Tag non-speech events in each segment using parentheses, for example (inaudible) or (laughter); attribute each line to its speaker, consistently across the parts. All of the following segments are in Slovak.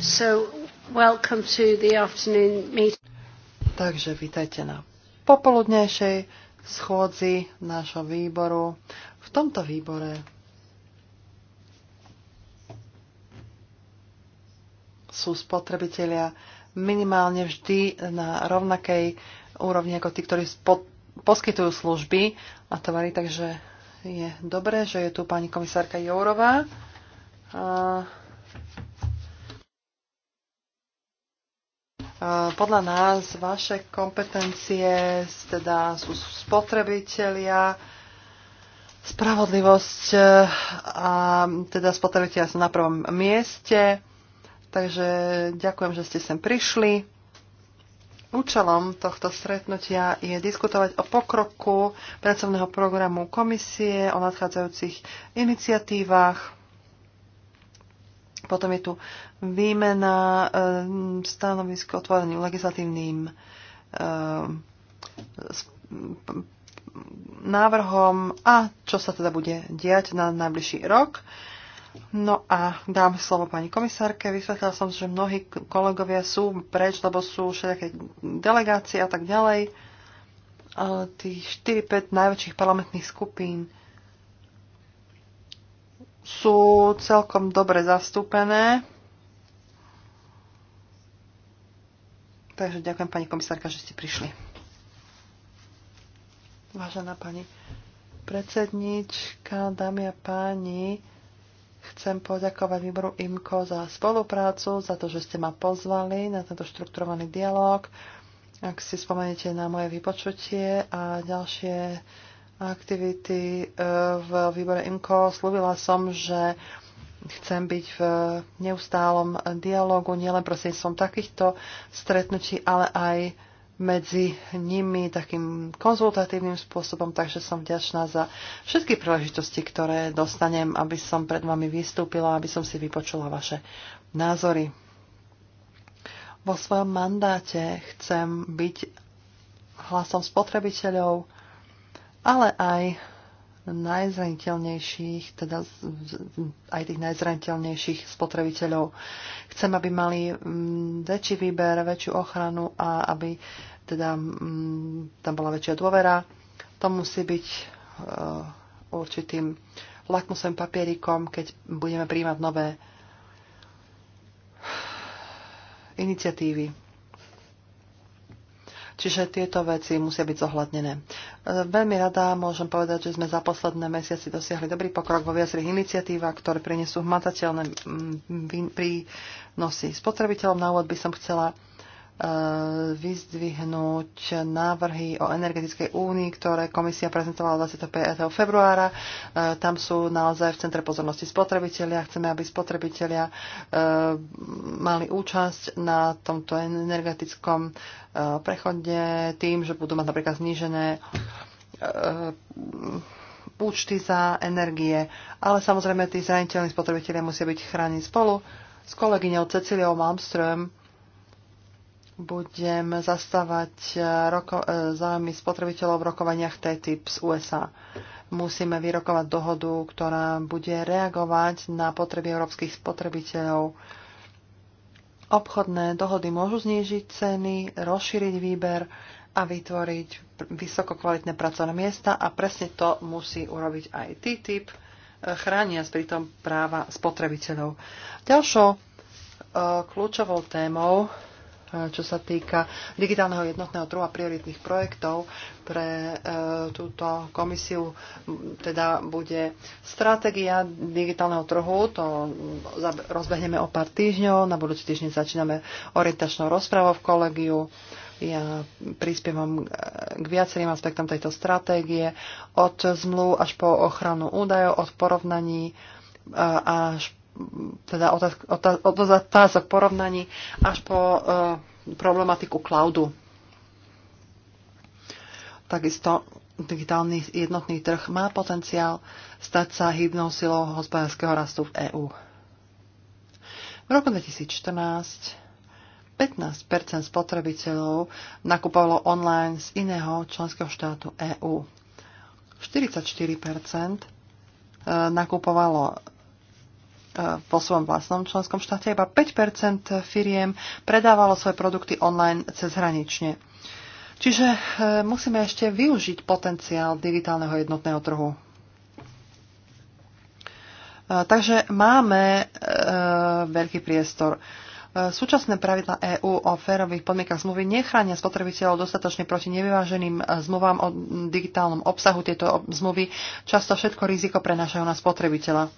Speaker 1: So, welcome to the afternoon meeting. Takže vítajte na popoludnejšej schôdzi nášho výboru. V tomto výbore sú spotrebitelia minimálne vždy na rovnakej úrovni ako tí, ktorí spod, poskytujú služby a tovary, takže je dobré, že je tu pani komisárka Jourová. Uh, Eh, podľa nás vaše kompetencie teda sú spotrebitelia, spravodlivosť eh, a teda spotrebitelia sú na prvom mieste. Takže ďakujem, že ste sem prišli. Účelom tohto stretnutia je diskutovať o pokroku pracovného programu komisie, o nadchádzajúcich iniciatívach potom je tu výmena eh, stanovisko otvoreným legislatívnym eh, návrhom a čo sa teda bude diať na najbližší rok. No a dám slovo pani komisárke. Vysvetlila som, že mnohí kolegovia sú preč, lebo sú všetké delegácie a tak ďalej. Tých 4-5 najväčších parlamentných skupín sú celkom dobre zastúpené. Takže ďakujem pani komisárka, že ste prišli. Vážená pani predsednička, dámy a páni, chcem poďakovať výboru IMKO za spoluprácu, za to, že ste ma pozvali na tento štrukturovaný dialog. Ak si spomeniete na moje vypočutie a ďalšie aktivity e, v výbore IMCO. Slúbila som, že chcem byť v neustálom dialogu, nielen som takýchto stretnutí, ale aj medzi nimi takým konzultatívnym spôsobom, takže som vďačná za všetky príležitosti, ktoré dostanem, aby som pred vami vystúpila, aby som si vypočula vaše názory. Vo svojom mandáte chcem byť hlasom spotrebiteľov, ale aj najzraniteľnejších, teda aj tých najzraniteľnejších spotrebiteľov. Chcem, aby mali mm, väčší výber, väčšiu ochranu a aby teda mm, tam bola väčšia dôvera. To musí byť e, určitým lakmusovým papierikom, keď budeme príjmať nové iniciatívy. Čiže tieto veci musia byť zohľadnené. E, veľmi rada môžem povedať, že sme za posledné mesiaci dosiahli dobrý pokrok vo viacerých iniciatívach, ktoré prinesú hmatateľné prínosy. Spotrebiteľom na úvod by som chcela Eh, vyzdvihnúť návrhy o energetickej únii, ktoré komisia prezentovala 25. februára. Eh, tam sú naozaj v centre pozornosti spotrebitelia. Chceme, aby spotrebitelia eh, mali účasť na tomto energetickom prechode tým, že budú mať napríklad znížené účty za energie. Ale samozrejme, tí zraniteľní spotrebitelia musia byť chránení spolu s kolegyňou Ceciliou Malmström budem zastávať eh, roko- eh, záujmy spotrebiteľov v rokovaniach TTIP z USA. Musíme vyrokovať dohodu, ktorá bude reagovať na potreby európskych spotrebiteľov. Obchodné dohody môžu znížiť ceny, rozšíriť výber a vytvoriť vysokokvalitné pracovné miesta a presne to musí urobiť aj TTIP, eh, chrániac pritom práva spotrebiteľov. Ďalšou kľúčovou témou E, čo sa týka digitálneho jednotného trhu a prioritných projektov pre e, túto komisiu teda bude stratégia digitálneho trhu, to rozbehneme o pár týždňov, na budúci týždeň začíname orientačnou rozprávou v kolegiu. Ja prispievam e, k viacerým aspektom tejto stratégie, od zmluv až po ochranu údajov, od porovnaní až teda otázok, porovnaní až po uh, problematiku cloudu. Takisto digitálny jednotný trh má potenciál stať sa hybnou silou hospodárskeho rastu v EÚ. V roku 2014 15 spotrebiteľov nakupovalo online z iného členského štátu EÚ. 44 e, nakupovalo Eh, vo svojom vlastnom členskom štáte iba 5 firiem predávalo svoje produkty online cezhranične. Čiže eh, musíme ešte využiť potenciál digitálneho jednotného trhu. Eh, takže máme veľký priestor. Súčasné pravidla EÚ o férových podmienkach zmluvy nechránia spotrebiteľov dostatočne proti nevyváženým zmluvám o digitálnom obsahu. Tieto zmluvy často všetko riziko prenášajú na spotrebiteľa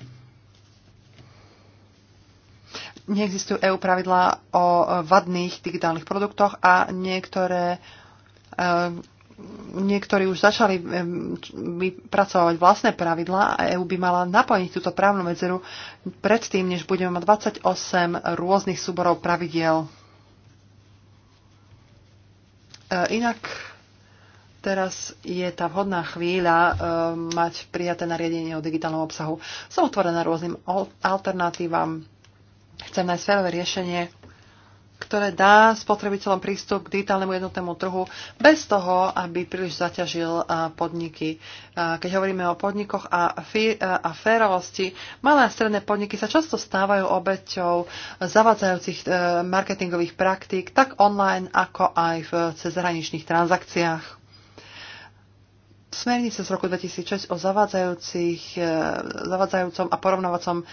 Speaker 1: neexistujú EU pravidlá o vadných digitálnych produktoch a niektoré e, niektorí už začali e, vypracovať vlastné pravidlá a EU by mala naplniť túto právnu medzeru predtým, než budeme mať 28 rôznych súborov pravidiel. E, inak teraz je tá vhodná chvíľa mať prijaté nariadenie o digitálnom obsahu. Som otvorená rôznym alternatívam Chcem nájsť férové riešenie, ktoré dá spotrebiteľom prístup k digitálnemu jednotnému trhu bez toho, aby príliš zaťažil podniky. Keď hovoríme o podnikoch a, a férovosti, malé a stredné podniky sa často stávajú obeťou zavadzajúcich e, marketingových praktík, tak online, ako aj v cezhraničných transakciách smernice z roku 2006 o zavádzajúcich, e, zavádzajúcom a porovnávacom e,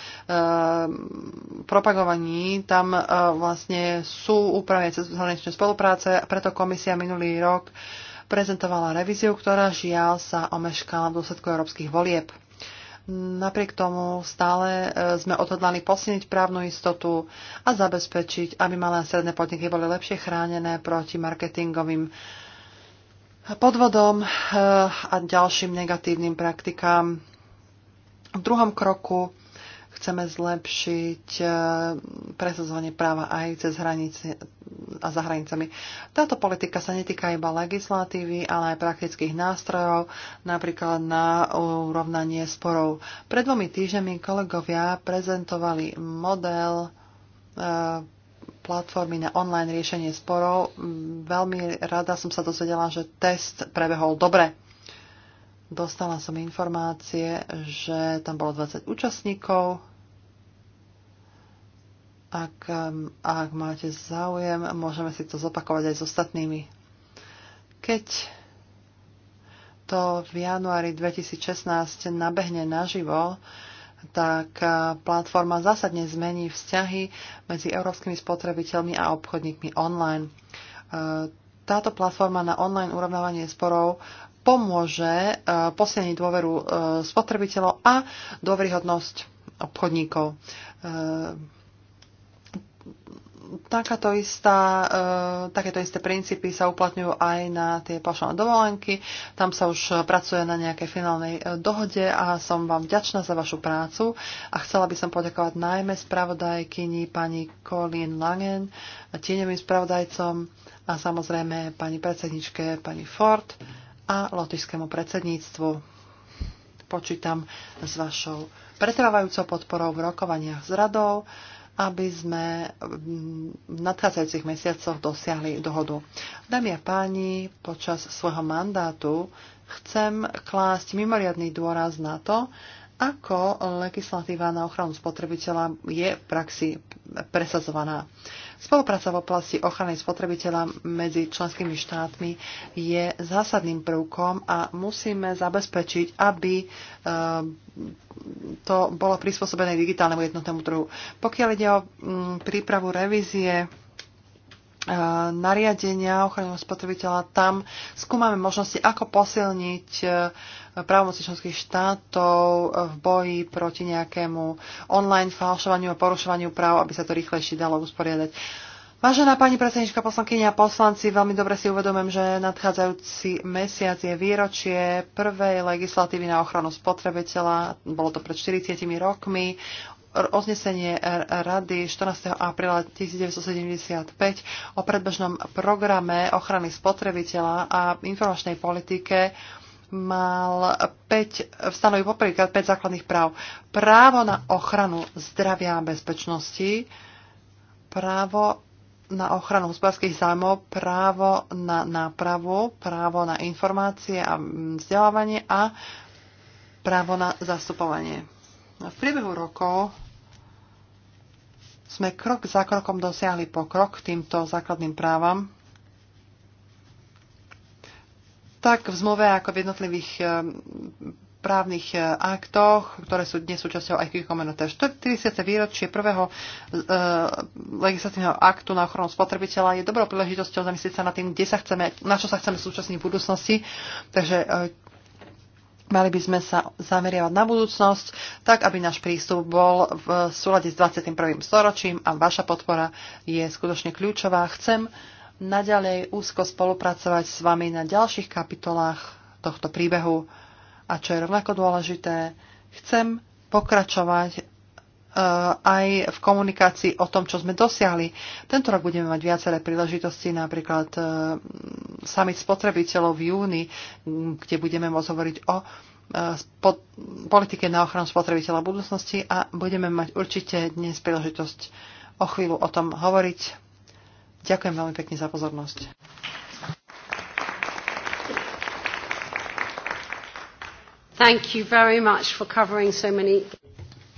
Speaker 1: propagovaní. Tam e, vlastne sú úpravy zahraničné spolupráce a preto komisia minulý rok prezentovala revíziu, ktorá žiaľ sa omeškala v dôsledku európskych volieb. Napriek tomu stále sme odhodlali posilniť právnu istotu a zabezpečiť, aby malé a stredné podniky boli lepšie chránené proti marketingovým uh, podvodom eh, a ďalším negatívnym praktikám. V druhom kroku chceme zlepšiť eh, presadzovanie práva aj cez hranice a za hranicami. Táto politika sa netýka iba legislatívy, ale aj praktických nástrojov, napríklad na urovnanie sporov. Pred dvomi týždňami kolegovia prezentovali model eh, platformy na online riešenie sporov. Veľmi rada som sa dozvedela, že test prebehol dobre. Dostala som informácie, že tam bolo 20 účastníkov. Ak, um, ak máte záujem, môžeme si to zopakovať aj s ostatnými. Keď to v januári 2016 nabehne naživo, tak e, platforma zásadne zmení vzťahy medzi európskymi spotrebiteľmi a obchodníkmi online. E, táto platforma na online urovnávanie sporov pomôže e, posilniť dôveru spotrebiteľov a dôveryhodnosť obchodníkov takáto istá, e, takéto isté princípy sa uplatňujú aj na tie paušálne dovolenky. Tam sa už pracuje na nejakej finálnej e, dohode a som vám vďačná za vašu prácu a chcela by som poďakovať najmä spravodajkyni pani Colin Langen, tieňovým spravodajcom a samozrejme pani predsedničke pani Ford a lotišskému predsedníctvu. Počítam s vašou pretrvávajúcou podporou v rokovaniach s radou aby sme v nadchádzajúcich mesiacoch dosiahli dohodu. Dámy a páni, počas svojho mandátu chcem klásť mimoriadný dôraz na to, ako legislatíva na ochranu spotrebiteľa je v praxi presazovaná. Spolupráca v oblasti ochrany spotrebiteľa medzi členskými štátmi je zásadným prvkom a musíme zabezpečiť, aby e, to bolo prispôsobené digitálnemu jednotnému trhu. Pokiaľ ide o mm, prípravu revízie E, nariadenia ochranu spotrebiteľa, tam skúmame možnosti, ako posilniť e, právomoci členských štátov v boji proti nejakému online falšovaniu a porušovaniu práv, aby sa to rýchlejšie dalo usporiadať. Vážená pani predsednička, poslankyňa a poslanci, veľmi dobre si uvedomujem, že nadchádzajúci mesiac je výročie prvej legislatívy na ochranu spotrebiteľa. Bolo to pred 40 rokmi oznesenie Rady 14. apríla 1975 o predbežnom programe ochrany spotrebiteľa a informačnej politike mal 5, stanoví poprvýkrát 5 základných práv. Právo na ochranu zdravia a bezpečnosti, právo na ochranu hospodárskych zájmov, právo na nápravu, právo na informácie a vzdelávanie a právo na zastupovanie. V priebehu rokov sme krok za krokom dosiahli pokrok k týmto základným právam, tak v zmluve ako v jednotlivých eh, právnych eh, aktoch, ktoré sú dnes súčasťou IQ Community. 40. výročie prvého e, legislatívneho aktu na ochranu spotrebiteľa je dobrou príležitosťou zamyslieť sa nad tým, kde sa chceme, na čo sa chceme súčasniť v budúcnosti. Takže e, Mali by sme sa zameriavať na budúcnosť, tak aby náš prístup bol v súlade s 21. storočím a vaša podpora je skutočne kľúčová. Chcem naďalej úzko spolupracovať s vami na ďalších kapitolách tohto príbehu a čo je rovnako dôležité, chcem pokračovať Eh, aj v komunikácii o tom, čo sme dosiahli. Tento rok budeme mať viaceré príležitosti, napríklad eh, summit spotrebiteľov v júni, kde budeme môcť hovoriť o eh, politike na ochranu spotrebiteľa budúcnosti a budeme mať určite dnes príležitosť o chvíľu o tom hovoriť. Ďakujem veľmi pekne za pozornosť. Thank you very much for covering so many...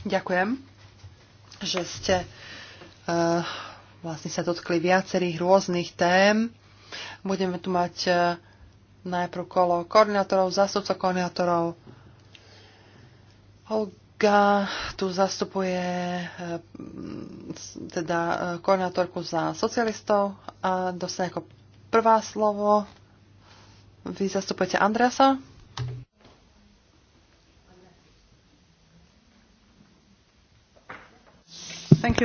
Speaker 1: Ďakujem že ste uh, vlastne sa dotkli viacerých rôznych tém. Budeme tu mať uh, najprv kolo koordinátorov, zástupca koordinátorov. Olga tu zastupuje uh, teda uh, koordinátorku za socialistov a dostane ako prvá slovo. Vy zastupujete Andreasa? Um,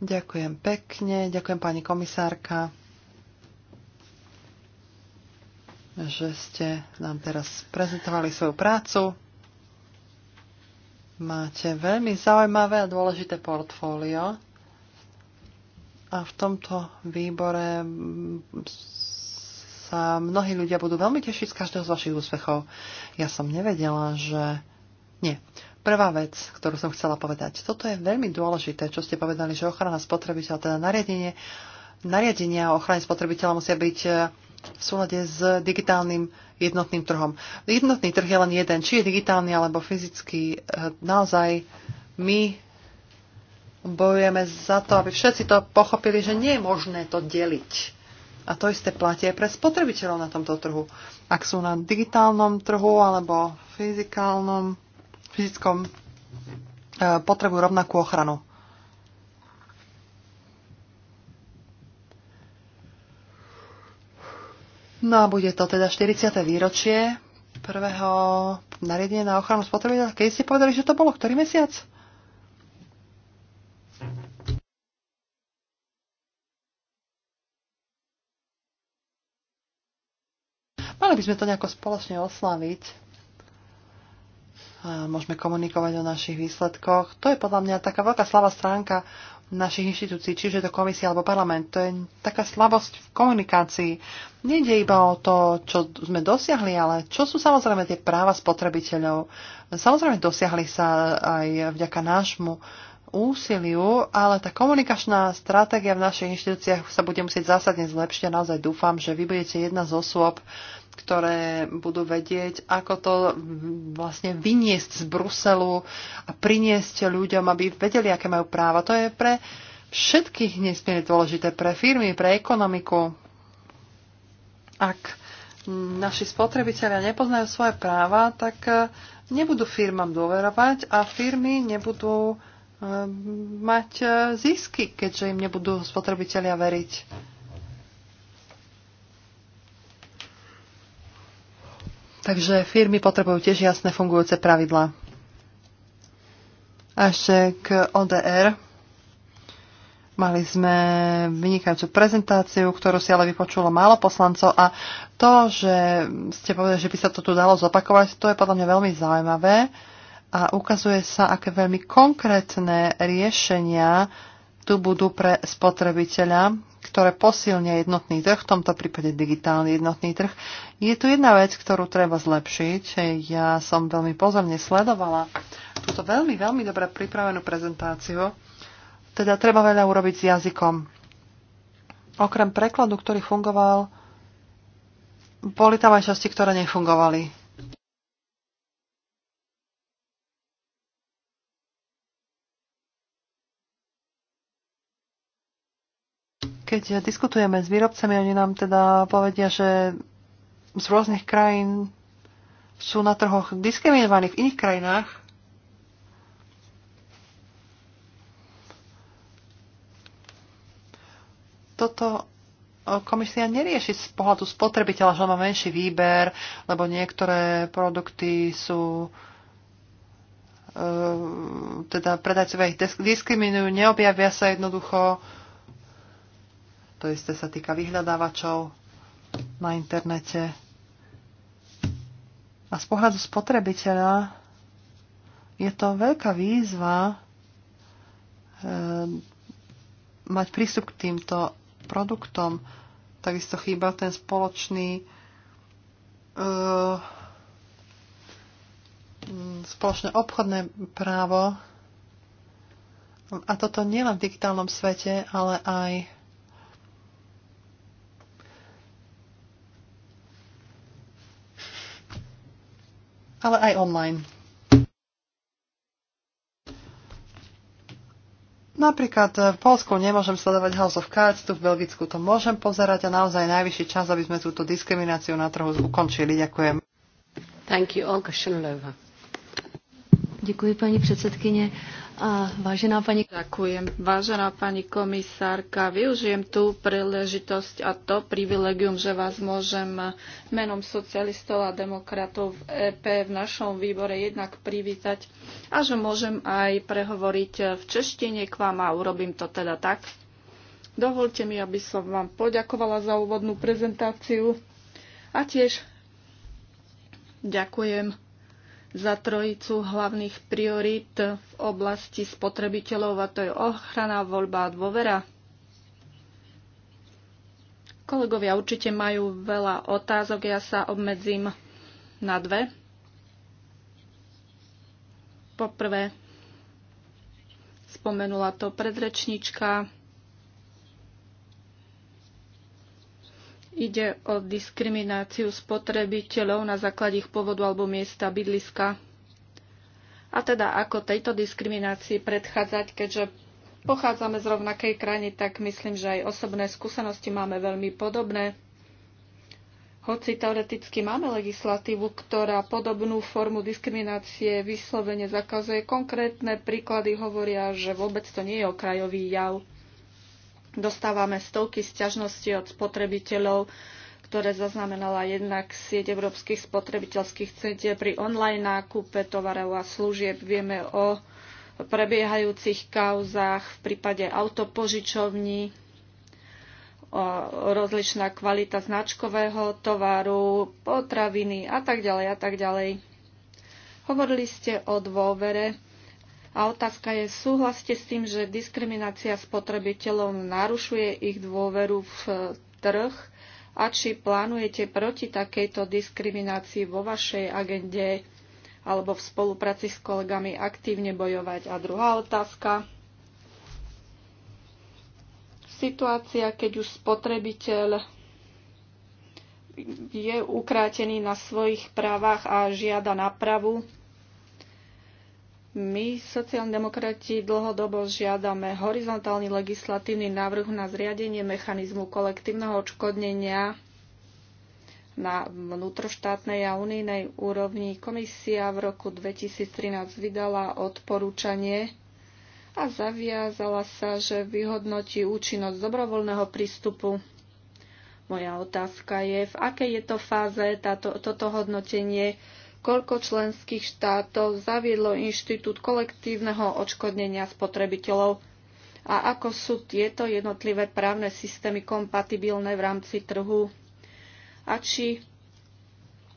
Speaker 1: ďakujem pekne, ďakujem pani komisárka, že ste nám teraz prezentovali svoju prácu. Máte veľmi zaujímavé a dôležité portfólio a v tomto výbore sa mnohí ľudia budú veľmi tešiť z každého z vašich úspechov. Ja som nevedela, že... Nie. Prvá vec, ktorú som chcela povedať. Toto je veľmi dôležité, čo ste povedali, že ochrana spotrebiteľa, teda nariadenie, nariadenia o ochrane spotrebiteľa musia byť e, v súlade s digitálnym jednotným trhom. Jednotný trh je len jeden, či je digitálny alebo fyzický. E, naozaj my bojujeme za to, aby všetci to pochopili, že nie je možné to deliť. A to isté platí aj pre spotrebiteľov na tomto trhu. Ak sú na digitálnom trhu alebo fyzikálnom, fyzickom e, potrebujú rovnakú ochranu. No a bude to teda 40. výročie prvého nariadenia na ochranu spotrebiteľa. Keď ste povedali, že to bolo ktorý mesiac? Mali by sme to nejako spoločne oslaviť môžeme komunikovať o našich výsledkoch. To je podľa mňa taká veľká slabá stránka našich inštitúcií, čiže je to komisia alebo parlament. To je taká slabosť v komunikácii. Nejde iba o to, čo sme dosiahli, ale čo sú samozrejme tie práva spotrebiteľov. Samozrejme dosiahli sa aj vďaka nášmu úsiliu, ale tá komunikačná stratégia v našich inštitúciách sa bude musieť zásadne zlepšiť a naozaj dúfam, že vy budete jedna z osôb, ktoré budú vedieť, ako to vlastne vyniesť z Bruselu a priniesť ľuďom, aby vedeli, aké majú práva. To je pre všetkých nesmierne dôležité, pre firmy, pre ekonomiku. Ak naši spotrebitelia nepoznajú svoje práva, tak eh, nebudú firmám dôverovať a firmy nebudú eh, mať eh, zisky, keďže im nebudú spotrebitelia veriť. Takže firmy potrebujú tiež jasné fungujúce pravidlá. A ešte k ODR. Mali sme vynikajúcu prezentáciu, ktorú si ale vypočulo málo poslancov a to, že ste povedali, že by sa to tu dalo zopakovať, to je podľa mňa veľmi zaujímavé a ukazuje sa, aké veľmi konkrétne riešenia tu budú pre spotrebiteľa, ktoré posilnia jednotný trh, v tomto prípade digitálny jednotný trh. Je tu jedna vec, ktorú treba zlepšiť. Ja som veľmi pozorne sledovala túto veľmi, veľmi dobre pripravenú prezentáciu. Teda treba veľa urobiť s jazykom. Okrem prekladu, ktorý fungoval, boli tam aj časti, ktoré nefungovali keď diskutujeme s výrobcami, oni nám teda povedia, že z rôznych krajín sú na trhoch diskriminovaní v iných krajinách. Toto e, komisia nerieši z pohľadu spotrebiteľa, že má menší výber, lebo niektoré produkty sú e, teda predajcovia ich diskriminujú, neobjavia sa jednoducho to isté sa týka vyhľadávačov na internete. A z pohľadu spotrebiteľa je to veľká výzva e, mať prístup k týmto produktom. Takisto chýba ten spoločný e, spoločné obchodné právo. A toto nielen v digitálnom svete, ale aj ale aj online. Napríklad eh, v Polsku nemôžem sledovať House of Cards, tu v Belgicku to môžem pozerať a naozaj najvyšší čas, aby sme túto diskrimináciu na trhu ukončili. Ďakujem.
Speaker 2: Thank you, Olga Ďakujem pani paní a vážená pani... Ďakujem. Vážená pani komisárka, využijem tú príležitosť a to privilegium, že vás môžem menom socialistov a demokratov v EP v našom výbore jednak privítať a že môžem aj prehovoriť v češtine k vám a urobím to teda tak. Dovolte mi, aby som vám poďakovala za úvodnú prezentáciu a tiež ďakujem za trojicu hlavných priorít v oblasti spotrebiteľov a to je ochrana, voľba a dôvera. Kolegovia určite majú veľa otázok, ja sa obmedzím na dve. Poprvé, spomenula to predrečnička, Ide o diskrimináciu spotrebiteľov na základe ich pôvodu alebo miesta bydliska. A teda ako tejto diskriminácii predchádzať, keďže pochádzame z rovnakej krajiny, tak myslím, že aj osobné skúsenosti máme veľmi podobné. Hoci teoreticky máme legislatívu, ktorá podobnú formu diskriminácie vyslovene zakazuje, konkrétne príklady hovoria, že vôbec to nie je okrajový jav. Dostávame stovky sťažností od spotrebiteľov, ktoré zaznamenala jednak sieť európskych spotrebiteľských centier pri online nákupe tovarov a služieb. Vieme o prebiehajúcich kauzách v prípade autopožičovní, rozličná kvalita značkového tovaru, potraviny a tak ďalej a tak ďalej. Hovorili ste o dôvere a otázka je, súhlaste s tým, že diskriminácia spotrebiteľov narušuje ich dôveru v e, trh a či plánujete proti takejto diskriminácii vo vašej agende alebo v spolupráci s kolegami aktívne bojovať. A druhá otázka. Situácia, keď už spotrebiteľ je ukrátený na svojich právach a žiada napravu, my, sociálni-demokrati, dlhodobo žiadame horizontálny legislatívny návrh na zriadenie mechanizmu kolektívneho odškodnenia na vnútroštátnej a unijnej úrovni. Komisia v roku 2013 vydala odporúčanie a zaviazala sa, že vyhodnotí účinnosť dobrovoľného prístupu. Moja otázka je, v akej je to fáze táto, toto hodnotenie koľko členských štátov zaviedlo inštitút kolektívneho odškodnenia spotrebiteľov a ako sú tieto jednotlivé právne systémy kompatibilné v rámci trhu a či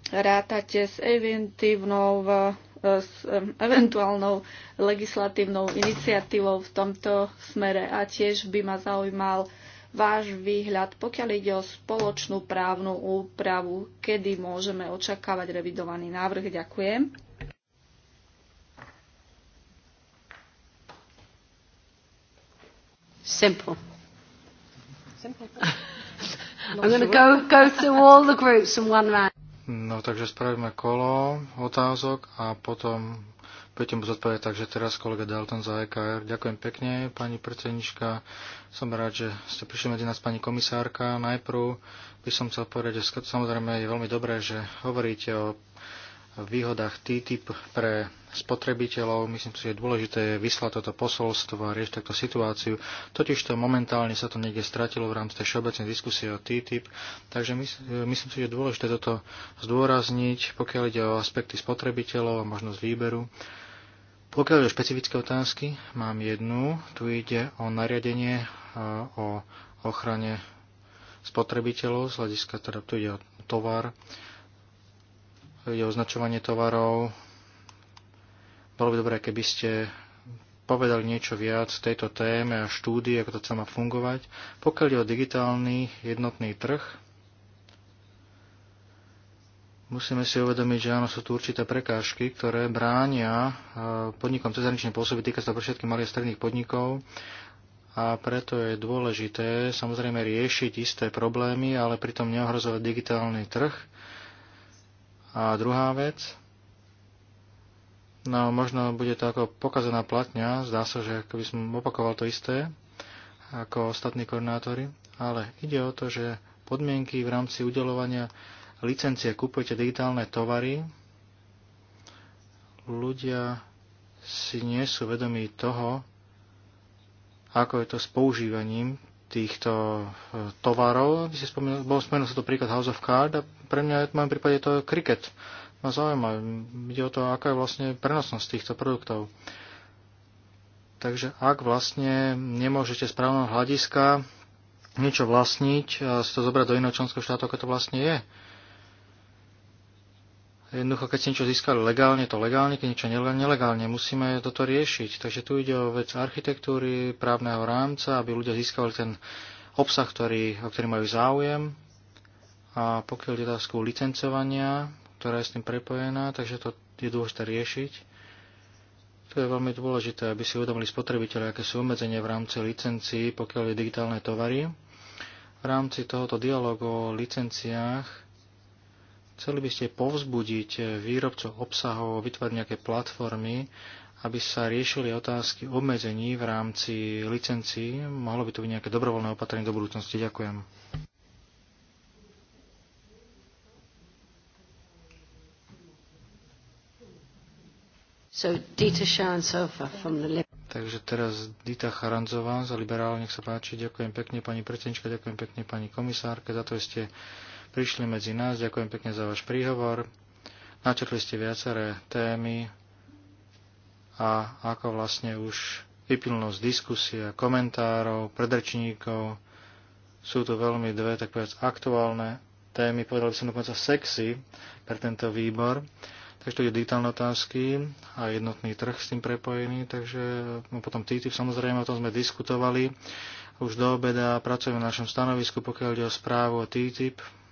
Speaker 2: rátate s e, s e, eventuálnou legislatívnou iniciatívou v tomto smere a tiež by ma zaujímal váš výhľad, pokiaľ ide o spoločnú právnu úpravu, kedy môžeme očakávať revidovaný návrh. Ďakujem. Simple.
Speaker 3: Simple. (laughs) I'm going to go, go through
Speaker 1: all the groups in one round.
Speaker 3: No takže spravíme kolo otázok a potom Budete mu zodpovedať, takže teraz kolega Dalton za EKR. Ďakujem pekne, pani predsednička. Som rád, že ste prišli medzi nás, pani komisárka. Najprv by som chcel povedať, že samozrejme je veľmi dobré, že hovoríte o výhodách TTIP pre spotrebiteľov. Myslím si, že je dôležité vyslať toto posolstvo a riešiť takto situáciu. Totižto momentálne sa to niekde stratilo v rámci tej všeobecnej diskusie o TTIP, takže myslím si, že je dôležité toto zdôrazniť, pokiaľ ide o aspekty spotrebiteľov a možnosť výberu. Pokiaľ je špecifické otázky, mám jednu. Tu ide o nariadenie o ochrane spotrebiteľov, z hľadiska teda tu ide o tovar, ide o označovanie tovarov. Bolo by dobré, keby ste povedali niečo viac tejto téme a štúdie, ako to sa má fungovať. Pokiaľ je o digitálny jednotný trh, Musíme si uvedomiť, že áno, sú tu určité prekážky, ktoré bránia e, podnikom cezhraničnej pôsoby, týka sa to pre všetkých malých a stredných podnikov a preto je dôležité samozrejme riešiť isté problémy, ale pritom neohrozovať digitálny trh. A druhá vec, no možno bude to ako pokazená platňa, zdá sa, so, že keby som opakoval to isté, ako ostatní koordinátori, ale ide o to, že podmienky v rámci udelovania licencie, kupujete digitálne tovary, ľudia si nie sú vedomí toho, ako je to s používaním týchto e, tovarov. Vy ste spomenul, bol spomenul sa to príklad House of Card a pre mňa v mojom prípade to je kriket. Ma zaujíma, ide o to, aká je vlastne prenosnosť týchto produktov. Takže ak vlastne nemôžete z právneho hľadiska niečo vlastniť a si to zobrať do iného členského štátu, ako to vlastne je, Jednoducho, keď ste niečo získali legálne, to legálne, keď niečo nelegálne, musíme toto riešiť. Takže tu ide o vec architektúry, právneho rámca, aby ľudia získali ten obsah, ktorý, o ktorý majú záujem. A pokiaľ je otázku licencovania, ktorá je s tým prepojená, takže to je dôležité riešiť. To je veľmi dôležité, aby si uvedomili spotrebiteľe, aké sú obmedzenia v rámci licencií, pokiaľ je digitálne tovary. V rámci tohoto dialogu o licenciách Chceli by ste povzbudiť výrobcov obsahov, vytvoriť nejaké platformy, aby sa riešili otázky obmedzení v rámci licencií. Mohlo by to byť nejaké dobrovoľné opatrenie do budúcnosti. Ďakujem. So, Dita from the Takže teraz Dita Charanzová za liberálne nech sa páči. Ďakujem pekne pani predsednička, ďakujem pekne pani komisárke za to, že ste prišli medzi nás. Ďakujem pekne za váš príhovor. Načrtli ste viaceré témy a ako vlastne už vyplnulo z diskusie, komentárov, predrečníkov. Sú to veľmi dve, tak aktuálne témy, povedal by som dokonca sexy pre tento výbor. Takže to je digitálne otázky a jednotný trh s tým prepojený, takže no potom TTIP samozrejme, o tom sme diskutovali. Už do obeda pracujeme na našom stanovisku, pokiaľ ide o správu o TTIP.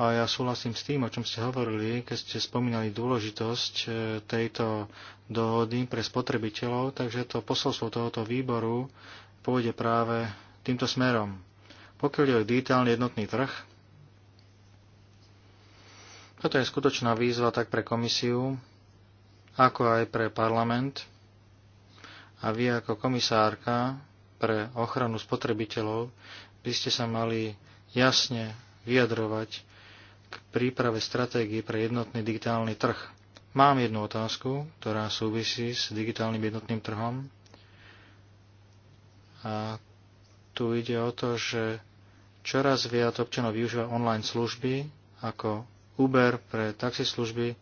Speaker 3: A ja súhlasím s tým, o čom ste hovorili, keď ste spomínali dôležitosť e, tejto dohody pre spotrebiteľov, takže to posolstvo tohoto výboru pôjde práve týmto smerom. Pokiaľ je digitálny jednotný trh, toto je skutočná výzva tak pre komisiu, ako aj pre parlament. A vy ako komisárka pre ochranu spotrebiteľov by ste sa mali jasne vyjadrovať k príprave stratégie pre jednotný digitálny trh. Mám jednu otázku, ktorá súvisí s digitálnym jednotným trhom. A tu ide o to, že čoraz viac občanov využíva online služby ako Uber pre taxislužby,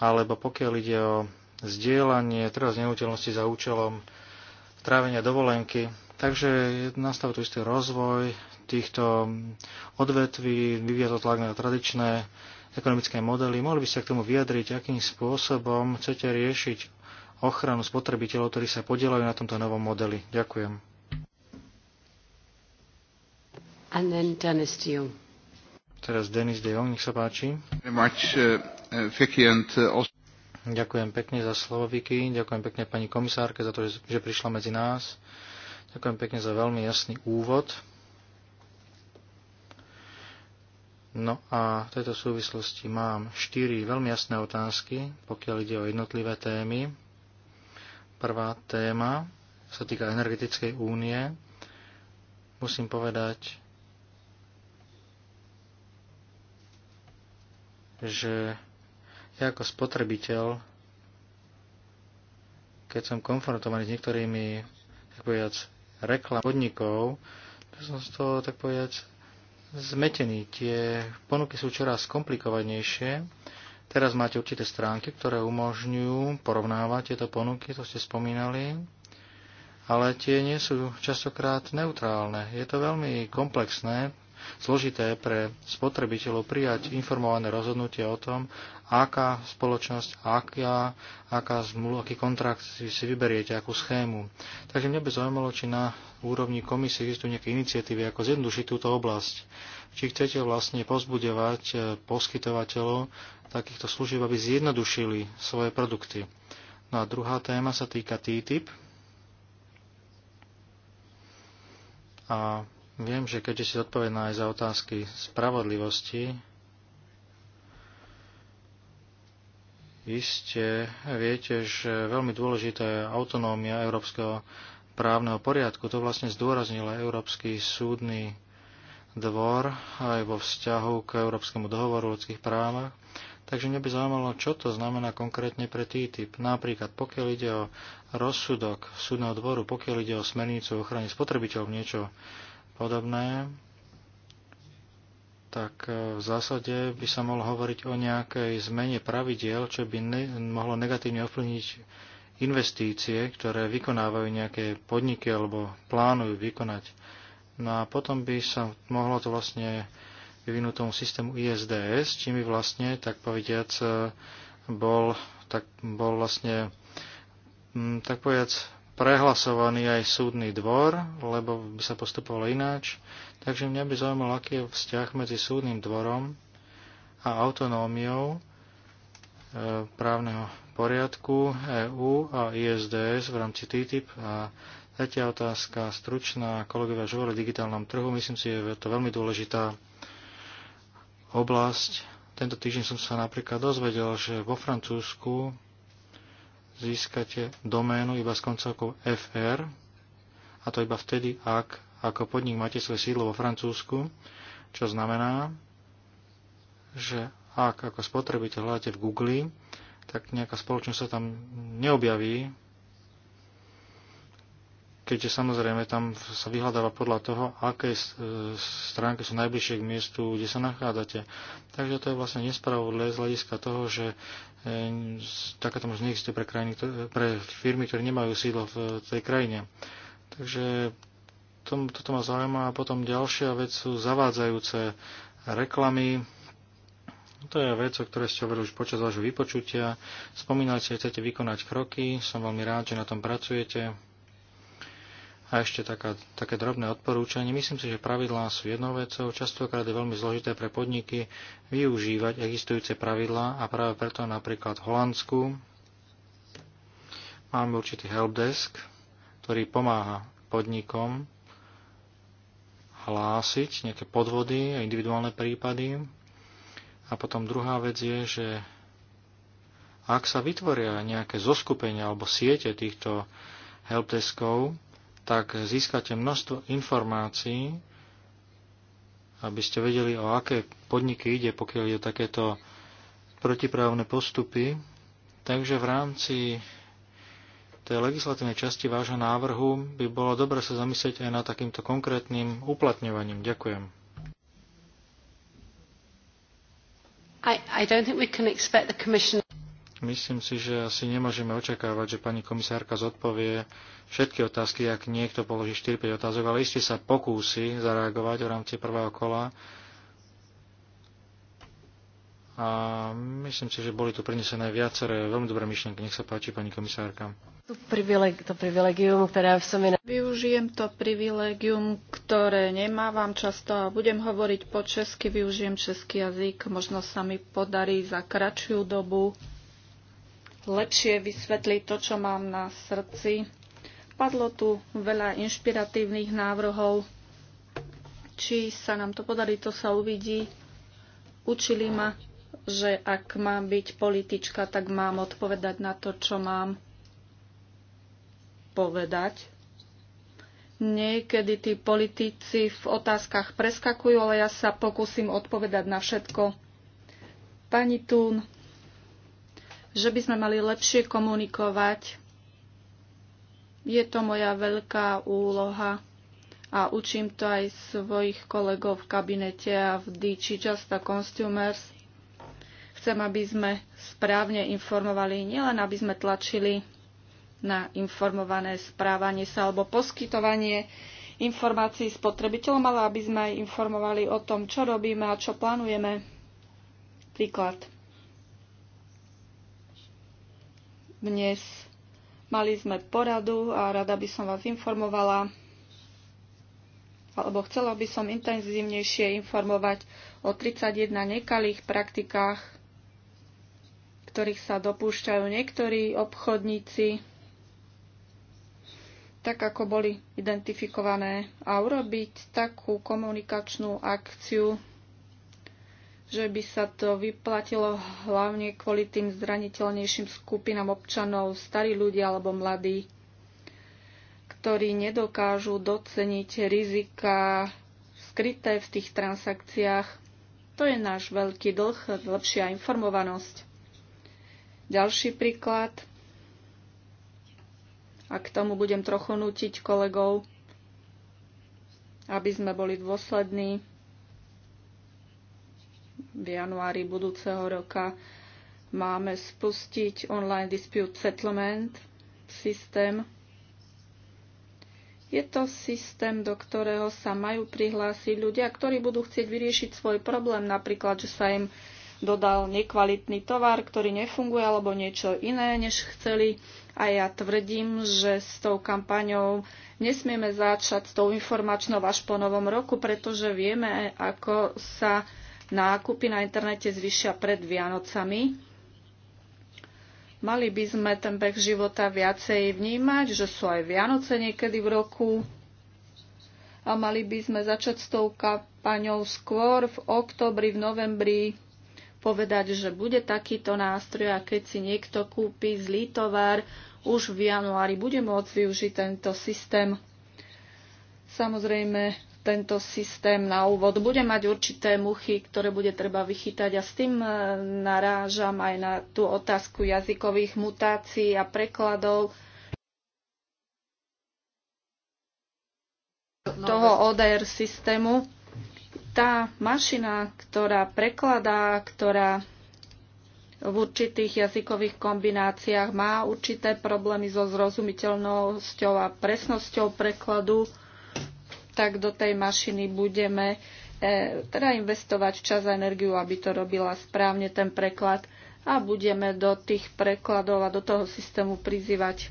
Speaker 3: alebo pokiaľ ide o zdieľanie teraz nehnuteľnosti za účelom trávenia dovolenky. Takže nastáva tu istý rozvoj týchto odvetví, vyvíja to tlak na tradičné ekonomické modely. Mohli by ste k tomu vyjadriť, akým spôsobom chcete riešiť ochranu spotrebiteľov, ktorí sa podielajú na tomto novom modeli. Ďakujem.
Speaker 1: And then Dennis de Jong.
Speaker 3: Teraz Denis de Jong, nech sa páči. Uh, uh, uh, Ďakujem pekne za slovo, Vicky. Ďakujem pekne pani komisárke za to, že prišla medzi nás. Ďakujem pekne za veľmi jasný úvod. No a v tejto súvislosti mám štyri veľmi jasné otázky, pokiaľ ide o jednotlivé témy. Prvá téma sa týka energetickej únie. Musím povedať, že ja ako spotrebiteľ, keď som konfrontovaný s niektorými, tak povedať, reklam podnikov, to som z toho, tak povedať, zmetení. Tie ponuky sú čoraz komplikovanejšie. Teraz máte určité stránky, ktoré umožňujú porovnávať tieto ponuky, to ste spomínali, ale tie nie sú častokrát neutrálne. Je to veľmi komplexné zložité pre spotrebiteľov prijať informované rozhodnutie o tom, aká spoločnosť, aká, aká zmluv, aký kontrakt si, si vyberiete, akú schému. Takže mňa by zaujímalo, či na úrovni komisie existujú nejaké iniciatívy, ako zjednodušiť túto oblasť. Či chcete vlastne pozbudevať e, poskytovateľov takýchto služieb, aby zjednodušili svoje produkty. No a druhá téma sa týka TTIP. A Viem, že keďže si zodpovedná aj za otázky spravodlivosti, iste viete, že veľmi dôležitá je autonómia európskeho právneho poriadku. To vlastne zdôraznil aj Európsky súdny dvor aj vo vzťahu k Európskemu dohovoru o ľudských právach. Takže mňa by zaujímalo, čo to znamená konkrétne pre TTIP. Napríklad, pokiaľ ide o rozsudok súdneho dvoru, pokiaľ ide o smernicu o ochrane spotrebiteľov, niečo podobné, tak e, v zásade by sa mohlo hovoriť o nejakej zmene pravidiel, čo by ne, mohlo negatívne ovplyvniť investície, ktoré vykonávajú nejaké podniky alebo plánujú vykonať. No a potom by sa mohlo to vlastne vyvinúť tomu systému ISDS, čím by vlastne, tak povediac, e, bol, tak bol vlastne, tak povediac, prehlasovaný aj súdny dvor, lebo by sa postupovalo ináč. Takže mňa by zaujímalo, aký je vzťah medzi súdnym dvorom a autonómiou e, právneho poriadku EÚ a ISDS v rámci TTIP a tretia otázka, stručná, kolegovia už v digitálnom trhu, myslím si, že je to veľmi dôležitá oblasť. Tento týždeň som sa napríklad dozvedel, že vo Francúzsku získate doménu iba s koncovkou FR, a to iba vtedy, ak ako podnik máte svoje sídlo vo Francúzsku, čo znamená, že ak ako spotrebiteľ hľadáte v Google, tak nejaká spoločnosť sa tam neobjaví keďže samozrejme tam sa vyhľadáva podľa toho, aké e, stránky sú najbližšie k miestu, kde sa nachádzate. Takže to je vlastne nespravodlivé z hľadiska toho, že e, takáto možnosť neexistuje pre, krajiny, pre firmy, ktoré nemajú sídlo v tej krajine. Takže tom, toto ma zaujíma. A potom ďalšia vec sú zavádzajúce reklamy. To je vec, o ktorej ste hovorili už počas vášho vypočutia. Spomínali ste, chcete vykonať kroky. Som veľmi rád, že na tom pracujete a ešte taká, také drobné odporúčanie. Myslím si, že pravidlá sú jednou vecou. Častokrát je veľmi zložité pre podniky využívať existujúce pravidlá a práve preto napríklad v Holandsku máme určitý helpdesk, ktorý pomáha podnikom hlásiť nejaké podvody a individuálne prípady. A potom druhá vec je, že ak sa vytvoria nejaké zoskupenia alebo siete týchto helpdeskov, tak získate množstvo informácií, aby ste vedeli, o aké podniky ide, pokiaľ je takéto protiprávne postupy. Takže v rámci tej legislatívnej časti vášho návrhu by bolo dobre sa zamyslieť aj na takýmto konkrétnym uplatňovaním. Ďakujem.
Speaker 1: I, I don't think we can expect the commission...
Speaker 3: Myslím si, že asi nemôžeme očakávať, že pani komisárka zodpovie všetky otázky, ak niekto položí 4-5 otázok, ale iste sa pokúsi zareagovať v rámci prvého kola. A myslím si, že boli tu prinesené viaceré veľmi dobré myšlienky. Nech sa páči, pani komisárka.
Speaker 2: To, privileg, to privilegium, ktoré som iné... Využijem to privilegium, ktoré nemávam často a budem hovoriť po česky, využijem český jazyk, možno sa mi podarí za kratšiu dobu lepšie vysvetliť to, čo mám na srdci. Padlo tu veľa inšpiratívnych návrhov. Či sa nám to podarí, to sa uvidí. Učili ma, že ak mám byť politička, tak mám odpovedať na to, čo mám povedať. Niekedy tí politici v otázkach preskakujú, ale ja sa pokúsim odpovedať na všetko. Pani Tún, že by sme mali lepšie komunikovať. Je to moja veľká úloha a učím to aj svojich kolegov v kabinete a v DG Justa Consumers. Chcem, aby sme správne informovali, nielen aby sme tlačili na informované správanie sa alebo poskytovanie informácií spotrebiteľom, ale aby sme aj informovali o tom, čo robíme a čo plánujeme. Príklad. dnes. Mali sme poradu a rada by som vás informovala, alebo chcela by som intenzívnejšie informovať o 31 nekalých praktikách, ktorých sa dopúšťajú niektorí obchodníci, tak ako boli identifikované, a urobiť takú komunikačnú akciu, že by sa to vyplatilo hlavne kvôli tým zraniteľnejším skupinám občanov, starí ľudia alebo mladí, ktorí nedokážu doceniť rizika skryté v tých transakciách. To je náš veľký dlh, lepšia informovanosť. Ďalší príklad. A k tomu budem trochu nútiť kolegov, aby sme boli dôslední v januári budúceho roka máme spustiť online dispute settlement systém. Je to systém, do ktorého sa majú prihlásiť ľudia, ktorí budú chcieť vyriešiť svoj problém, napríklad, že sa im dodal nekvalitný tovar, ktorý nefunguje alebo niečo iné, než chceli. A ja tvrdím, že s tou kampaňou nesmieme začať s tou informačnou až po novom roku, pretože vieme, ako sa nákupy na internete zvyšia pred Vianocami. Mali by sme ten beh života viacej vnímať, že sú aj Vianoce niekedy v roku a mali by sme začať s tou kampaňou skôr v oktobri, v novembri povedať, že bude takýto nástroj a keď si niekto kúpi zlý tovar, už v januári bude môcť využiť tento systém. Samozrejme, tento systém na úvod bude mať určité muchy, ktoré bude treba vychytať a s tým e, narážam aj na tú otázku jazykových mutácií a prekladov no, toho ODR systému. Tá mašina, ktorá prekladá, ktorá v určitých jazykových kombináciách má určité problémy so zrozumiteľnosťou a presnosťou prekladu, tak do tej mašiny budeme e, teda investovať čas a energiu, aby to robila správne ten preklad a budeme do tých prekladov a do toho systému prizývať,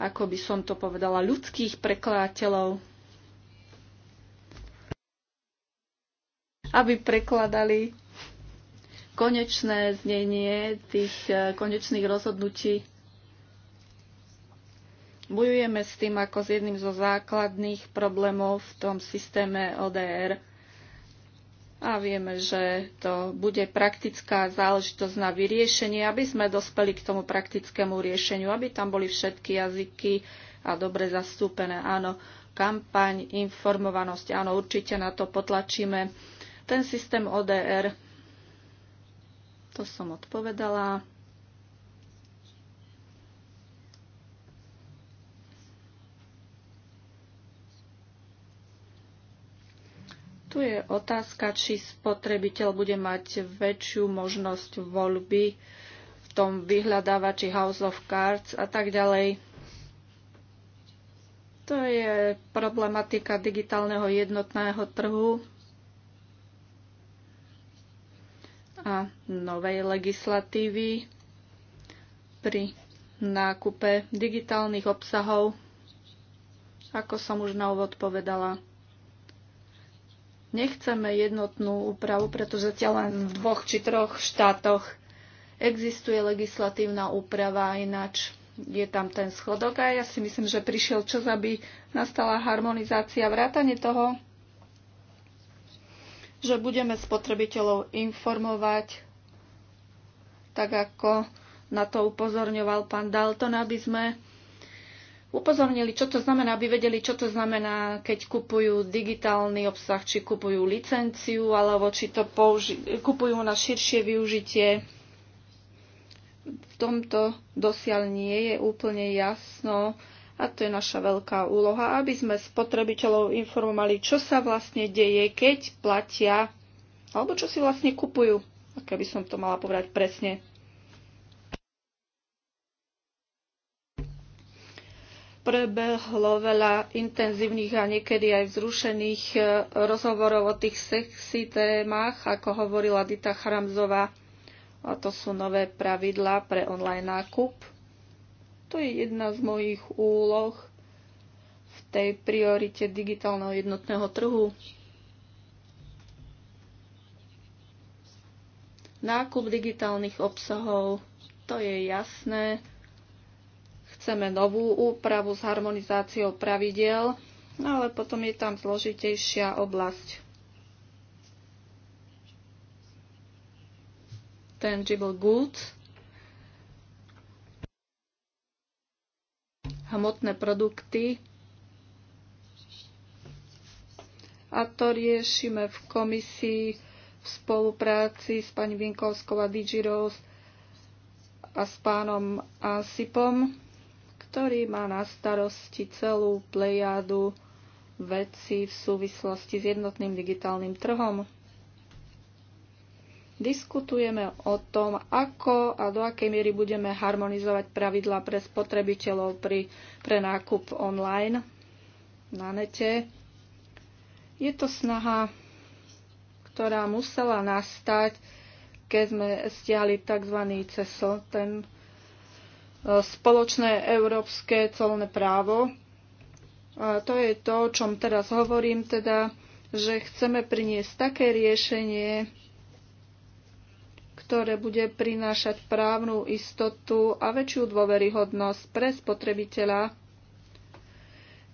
Speaker 2: ako by som to povedala, ľudských prekladateľov, aby prekladali konečné znenie tých e, konečných rozhodnutí Bojujeme s tým ako s jedným zo základných problémov v tom systéme ODR a vieme, že to bude praktická záležitosť na vyriešenie, aby sme dospeli k tomu praktickému riešeniu, aby tam boli všetky jazyky a dobre zastúpené. Áno, kampaň, informovanosť, áno, určite na to potlačíme. Ten systém ODR, to som odpovedala. Tu je otázka, či spotrebiteľ bude mať väčšiu možnosť voľby v tom vyhľadávači House of Cards a tak ďalej. To je problematika digitálneho jednotného trhu a novej legislatívy pri nákupe digitálnych obsahov, ako som už na úvod povedala. Nechceme jednotnú úpravu, pretože zatiaľ len v dvoch či troch štátoch existuje legislatívna úprava, ináč je tam ten schodok a ja si myslím, že prišiel čas, aby nastala harmonizácia vrátane toho, že budeme spotrebiteľov informovať, tak ako na to upozorňoval pán Dalton, aby sme upozornili, čo to znamená, aby vedeli, čo to znamená, keď kupujú digitálny obsah, či kupujú licenciu, alebo či to použi- kupujú na širšie využitie. V tomto dosiaľ nie je úplne jasno a to je naša veľká úloha, aby sme spotrebiteľov informovali, čo sa vlastne deje, keď platia, alebo čo si vlastne kupujú, aké by som to mala povedať presne. prebehlo veľa intenzívnych a niekedy aj vzrušených e, rozhovorov o tých sexy témach, ako hovorila Dita Chramzová, A to sú nové pravidlá pre online nákup. To je jedna z mojich úloh v tej priorite digitálneho jednotného trhu. Nákup digitálnych obsahov, to je jasné Chceme novú úpravu s harmonizáciou pravidel, ale potom je tam zložitejšia oblasť. Tangible goods, hmotné produkty, a to riešime v komisii v spolupráci s pani Vinkovskou a Digiros a s pánom Asipom ktorý má na starosti celú plejadu veci v súvislosti s jednotným digitálnym trhom. Diskutujeme o tom, ako a do akej miery budeme harmonizovať pravidlá pre spotrebiteľov pri, pre nákup online na nete. Je to snaha, ktorá musela nastať, keď sme stiahli tzv. CESO, ten spoločné európske colné právo. A to je to, o čom teraz hovorím, teda, že chceme priniesť také riešenie, ktoré bude prinášať právnu istotu a väčšiu dôveryhodnosť pre spotrebiteľa,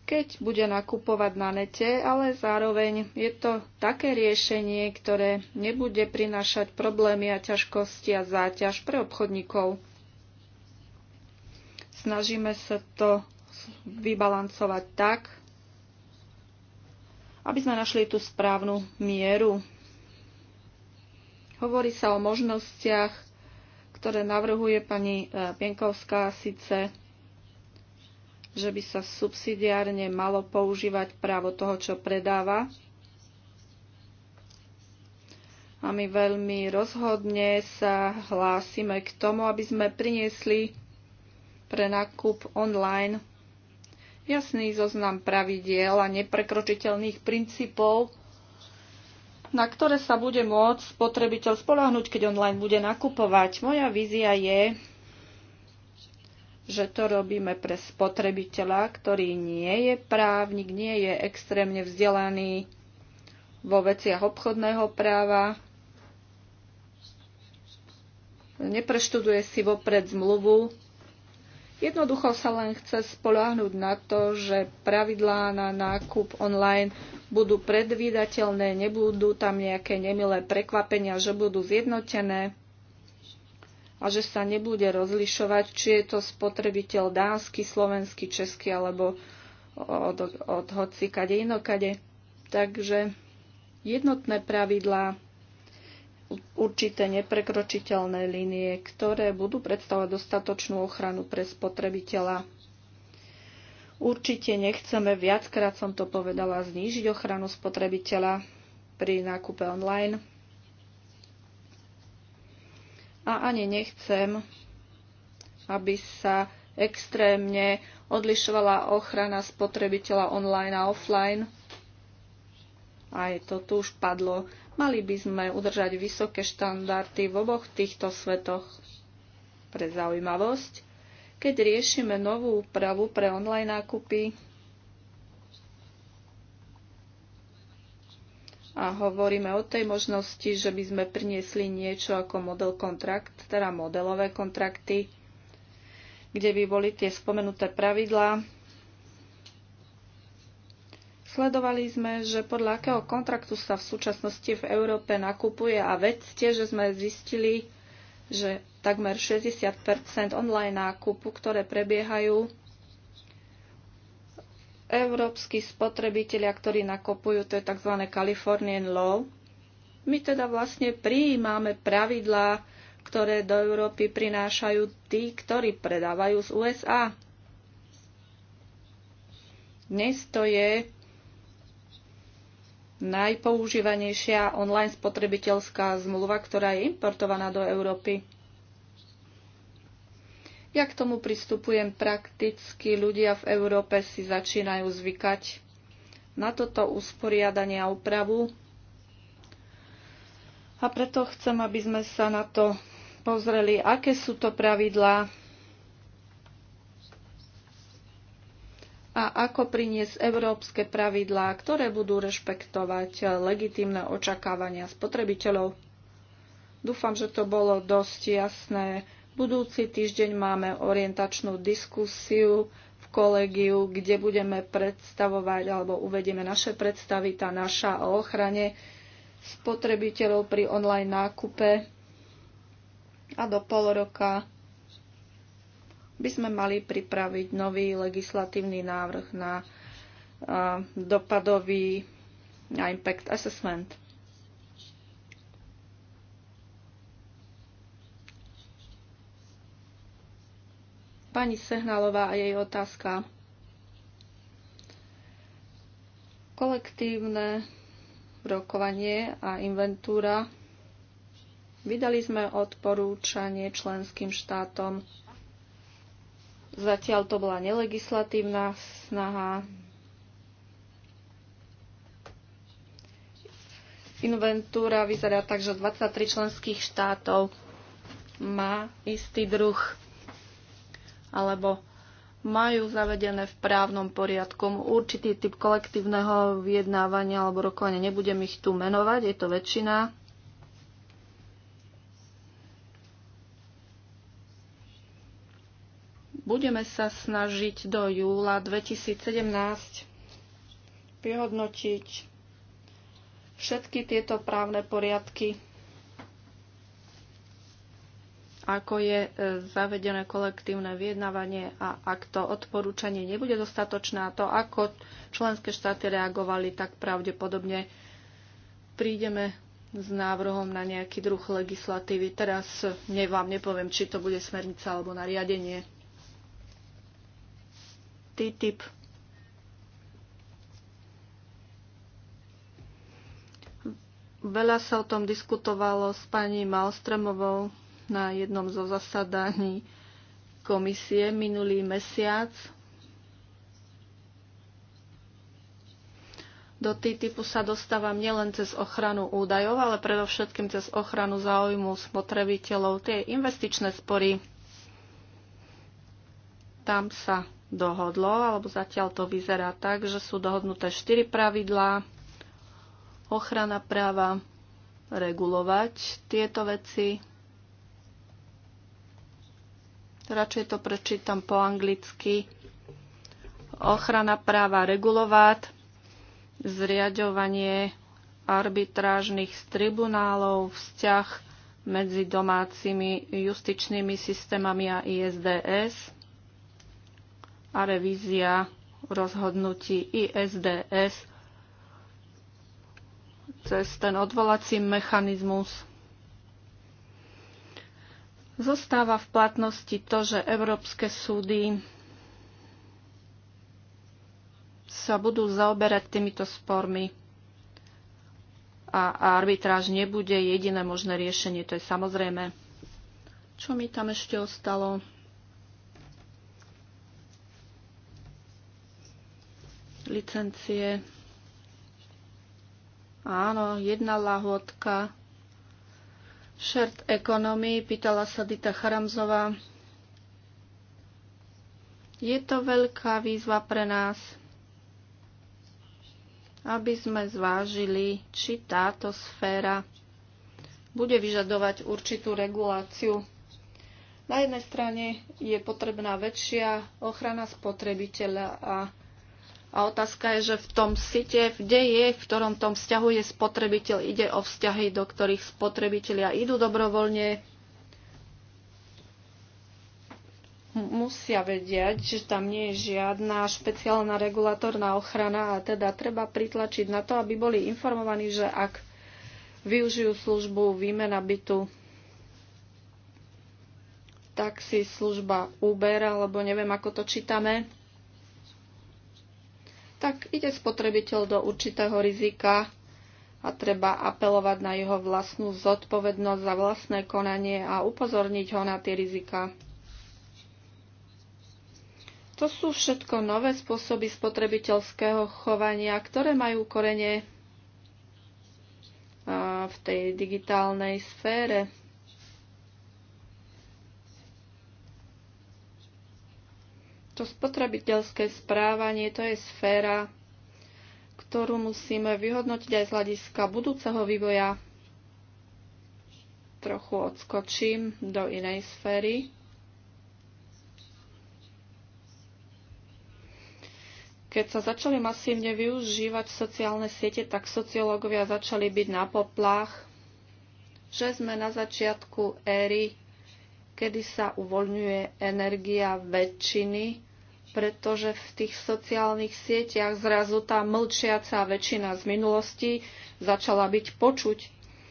Speaker 2: keď bude nakupovať na nete, ale zároveň je to také riešenie, ktoré nebude prinášať problémy a ťažkosti a záťaž pre obchodníkov. Snažíme sa to vybalancovať tak, aby sme našli tú správnu mieru. Hovorí sa o možnostiach, ktoré navrhuje pani e, Pienkovská, síce, že by sa subsidiárne malo používať právo toho, čo predáva. A my veľmi rozhodne sa hlásime k tomu, aby sme priniesli pre nákup online, jasný zoznam pravidiel a neprekročiteľných princípov, na ktoré sa bude môcť spotrebiteľ spolahnuť, keď online bude nakupovať. Moja vízia je, že to robíme pre spotrebiteľa, ktorý nie je právnik, nie je extrémne vzdelaný vo veciach obchodného práva, nepreštuduje si vopred zmluvu Jednoducho sa len chce spoláhnuť na to, že pravidlá na nákup online budú predvídateľné, nebudú tam nejaké nemilé prekvapenia, že budú zjednotené a že sa nebude rozlišovať, či je to spotrebiteľ dánsky, slovenský, český alebo od, od, od hoci kade inokade. Takže jednotné pravidlá určité neprekročiteľné línie, ktoré budú predstavovať dostatočnú ochranu pre spotrebiteľa. Určite nechceme, viackrát som to povedala, znížiť ochranu spotrebiteľa pri nákupe online. A ani nechcem, aby sa extrémne odlišovala ochrana spotrebiteľa online a offline aj to tu už padlo, mali by sme udržať vysoké štandardy v oboch týchto svetoch. Pre zaujímavosť, keď riešime novú úpravu pre online nákupy a hovoríme o tej možnosti, že by sme priniesli niečo ako model kontrakt, teda modelové kontrakty, kde by boli tie spomenuté pravidlá Sledovali sme, že podľa akého kontraktu sa v súčasnosti v Európe nakupuje a vedzte, že sme zistili, že takmer 60 online nákupu, ktoré prebiehajú, európsky spotrebitelia, ktorí nakupujú, to je tzv. Californian Law. My teda vlastne prijímame pravidlá, ktoré do Európy prinášajú tí, ktorí predávajú z USA. Dnes to je najpoužívanejšia online spotrebiteľská zmluva, ktorá je importovaná do Európy. Ja k tomu pristupujem prakticky. Ľudia v Európe si začínajú zvykať na toto usporiadanie a úpravu. A preto chcem, aby sme sa na to pozreli, aké sú to pravidlá, a ako priniesť európske pravidlá, ktoré budú rešpektovať legitímne očakávania spotrebiteľov. Dúfam, že to bolo dosť jasné. Budúci týždeň máme orientačnú diskusiu v kolegiu, kde budeme predstavovať alebo uvedieme naše predstavy, tá naša o ochrane spotrebiteľov pri online nákupe a do pol roka by sme mali pripraviť nový legislatívny návrh na dopadový na impact assessment. Pani Sehnalová a jej otázka. Kolektívne rokovanie a inventúra. Vydali sme odporúčanie členským štátom Zatiaľ to bola nelegislatívna snaha. Inventúra vyzerá tak, že 23 členských štátov má istý druh alebo majú zavedené v právnom poriadku určitý typ kolektívneho vyjednávania alebo rokovania. Nebudem ich tu menovať, je to väčšina. Budeme sa snažiť do júla 2017 vyhodnotiť všetky tieto právne poriadky, ako je e, zavedené kolektívne vyjednávanie a ak to odporúčanie nebude dostatočné a to, ako členské štáty reagovali, tak pravdepodobne prídeme s návrhom na nejaký druh legislatívy. Teraz ne, vám nepoviem, či to bude smernica alebo nariadenie. TTIP. Veľa sa o tom diskutovalo s pani Malstremovou na jednom zo zasadaní komisie minulý mesiac. Do TTIPu sa dostávam nielen cez ochranu údajov, ale predovšetkým cez ochranu záujmu spotrebiteľov. Tie investičné spory, tam sa dohodlo, alebo zatiaľ to vyzerá tak, že sú dohodnuté štyri pravidlá, ochrana práva, regulovať tieto veci. Radšej to prečítam po anglicky. Ochrana práva regulovať, zriadovanie arbitrážnych tribunálov, vzťah medzi domácimi justičnými systémami a ISDS – a revízia rozhodnutí ISDS cez ten odvolací mechanizmus. Zostáva v platnosti to, že európske súdy sa budú zaoberať týmito spormi a arbitráž nebude jediné možné riešenie, to je samozrejme. Čo mi tam ešte ostalo? licencie. Áno, jedna lahodka. Šert ekonomii, pýtala sa Dita Charamzová. Je to veľká výzva pre nás, aby sme zvážili, či táto sféra bude vyžadovať určitú reguláciu. Na jednej strane je potrebná väčšia ochrana spotrebiteľa a a otázka je, že v tom site, kde je, v ktorom tom vzťahu je spotrebiteľ, ide o vzťahy, do ktorých spotrebitelia idú dobrovoľne, musia vedieť, že tam nie je žiadna špeciálna regulatorná ochrana a teda treba pritlačiť na to, aby boli informovaní, že ak využijú službu výmena bytu, tak si služba Uber, alebo neviem, ako to čítame, tak ide spotrebiteľ do určitého rizika a treba apelovať na jeho vlastnú zodpovednosť za vlastné konanie a upozorniť ho na tie rizika. To sú všetko nové spôsoby spotrebiteľského chovania, ktoré majú korene v tej digitálnej sfére. To spotrebiteľské správanie to je sféra, ktorú musíme vyhodnotiť aj z hľadiska budúceho vývoja. Trochu odskočím do inej sféry. Keď sa začali masívne využívať sociálne siete, tak sociológovia začali byť na poplách, že sme na začiatku éry, kedy sa uvoľňuje energia väčšiny pretože v tých sociálnych sieťach zrazu tá mlčiaca väčšina z minulosti začala byť počuť.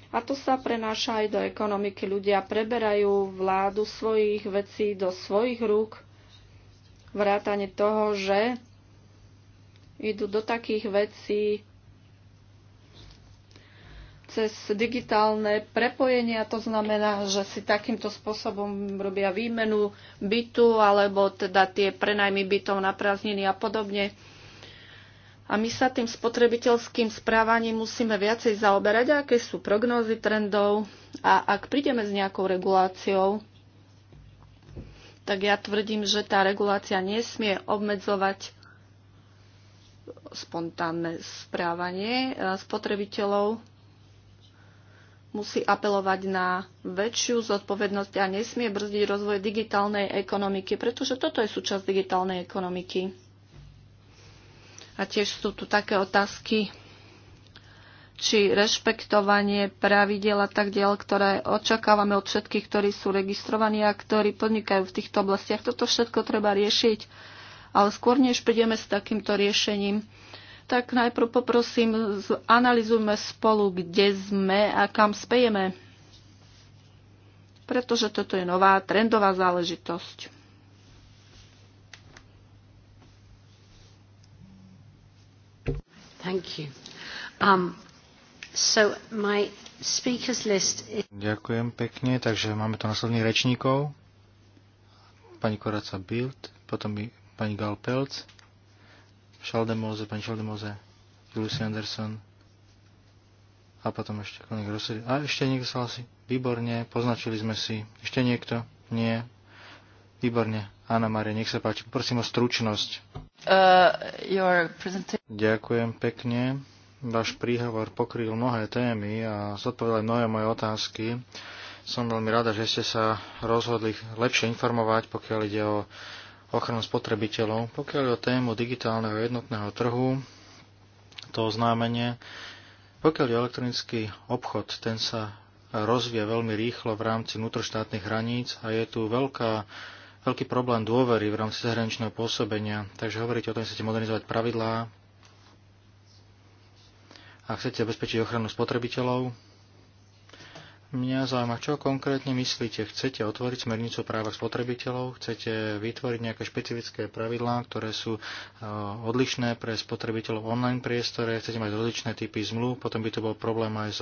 Speaker 2: A to sa prenáša aj do ekonomiky. Ľudia preberajú vládu svojich vecí do svojich rúk, vrátane toho, že idú do takých vecí, cez digitálne prepojenia. To znamená, že si takýmto spôsobom robia výmenu bytu alebo teda tie prenajmy bytov na prázdniny a podobne. A my sa tým spotrebiteľským správaním musíme viacej zaoberať, aké sú prognózy trendov a ak prídeme s nejakou reguláciou, tak ja tvrdím, že tá regulácia nesmie obmedzovať spontánne správanie eh, spotrebiteľov musí apelovať na väčšiu zodpovednosť a nesmie brzdiť rozvoj digitálnej ekonomiky, pretože toto je súčasť digitálnej ekonomiky. A tiež sú tu také otázky, či rešpektovanie pravidel a tak ďalej, ktoré očakávame od všetkých, ktorí sú registrovaní a ktorí podnikajú v týchto oblastiach. Toto všetko treba riešiť, ale skôr než prídeme s takýmto riešením, tak najprv poprosím, analizujme spolu, kde sme a kam spejeme. Pretože toto je nová trendová záležitosť.
Speaker 1: Thank you. Um, so my speakers list is...
Speaker 3: Ďakujem pekne, takže máme tu nasledných rečníkov. Pani Koraca Bild, potom pani Galpelc. Pelc, Šaldemóze, pani Šaldemóze, Lucy Anderson a potom ešte konik Rossi. A ešte niekto sa hlasí? Výborne, poznačili sme si. Ešte niekto? Nie. Výborne. Ána Maria, nech sa páči. Poprosím o stručnosť. Uh, your Ďakujem pekne. Váš príhovor pokryl mnohé témy a zodpovedal mnohé moje otázky. Som veľmi rada, že ste sa rozhodli lepšie informovať, pokiaľ ide o ochranu spotrebiteľov. Pokiaľ je o tému digitálneho jednotného trhu, to oznámenie, pokiaľ je elektronický obchod, ten sa rozvie veľmi rýchlo v rámci vnútroštátnych hraníc a je tu veľká, veľký problém dôvery v rámci zahraničného pôsobenia. Takže hovoríte o tom, že chcete modernizovať pravidlá a chcete zabezpečiť ochranu spotrebiteľov. Mňa zaujíma, čo konkrétne myslíte. Chcete otvoriť smernicu o právach spotrebiteľov? Chcete vytvoriť nejaké špecifické pravidlá, ktoré sú e, odlišné pre spotrebiteľov v online priestore? Chcete mať rozličné typy zmluv? Potom by to bol problém aj s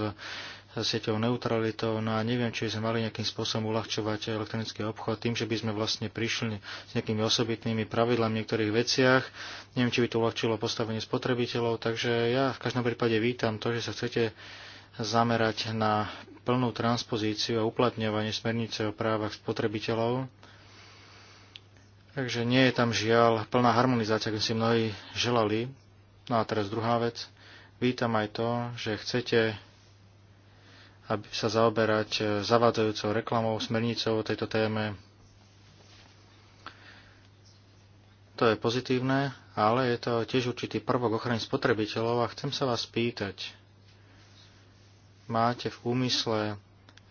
Speaker 3: sieťou neutralitou. No a neviem, či sme mali nejakým spôsobom uľahčovať elektronický obchod tým, že by sme vlastne prišli s nejakými osobitnými pravidlami v niektorých veciach. Neviem, či by to uľahčilo postavenie spotrebiteľov. Takže ja v každom prípade vítam to, že sa chcete zamerať na plnú transpozíciu a uplatňovanie smernice o právach spotrebiteľov. Takže nie je tam žiaľ plná harmonizácia, ako si mnohí želali. No a teraz druhá vec. Vítam aj to, že chcete aby sa zaoberať eh, zavádzajúcou reklamou, smernicou o tejto téme. To je pozitívne, ale je to tiež určitý prvok ochrany spotrebiteľov a chcem sa vás spýtať, máte v úmysle e,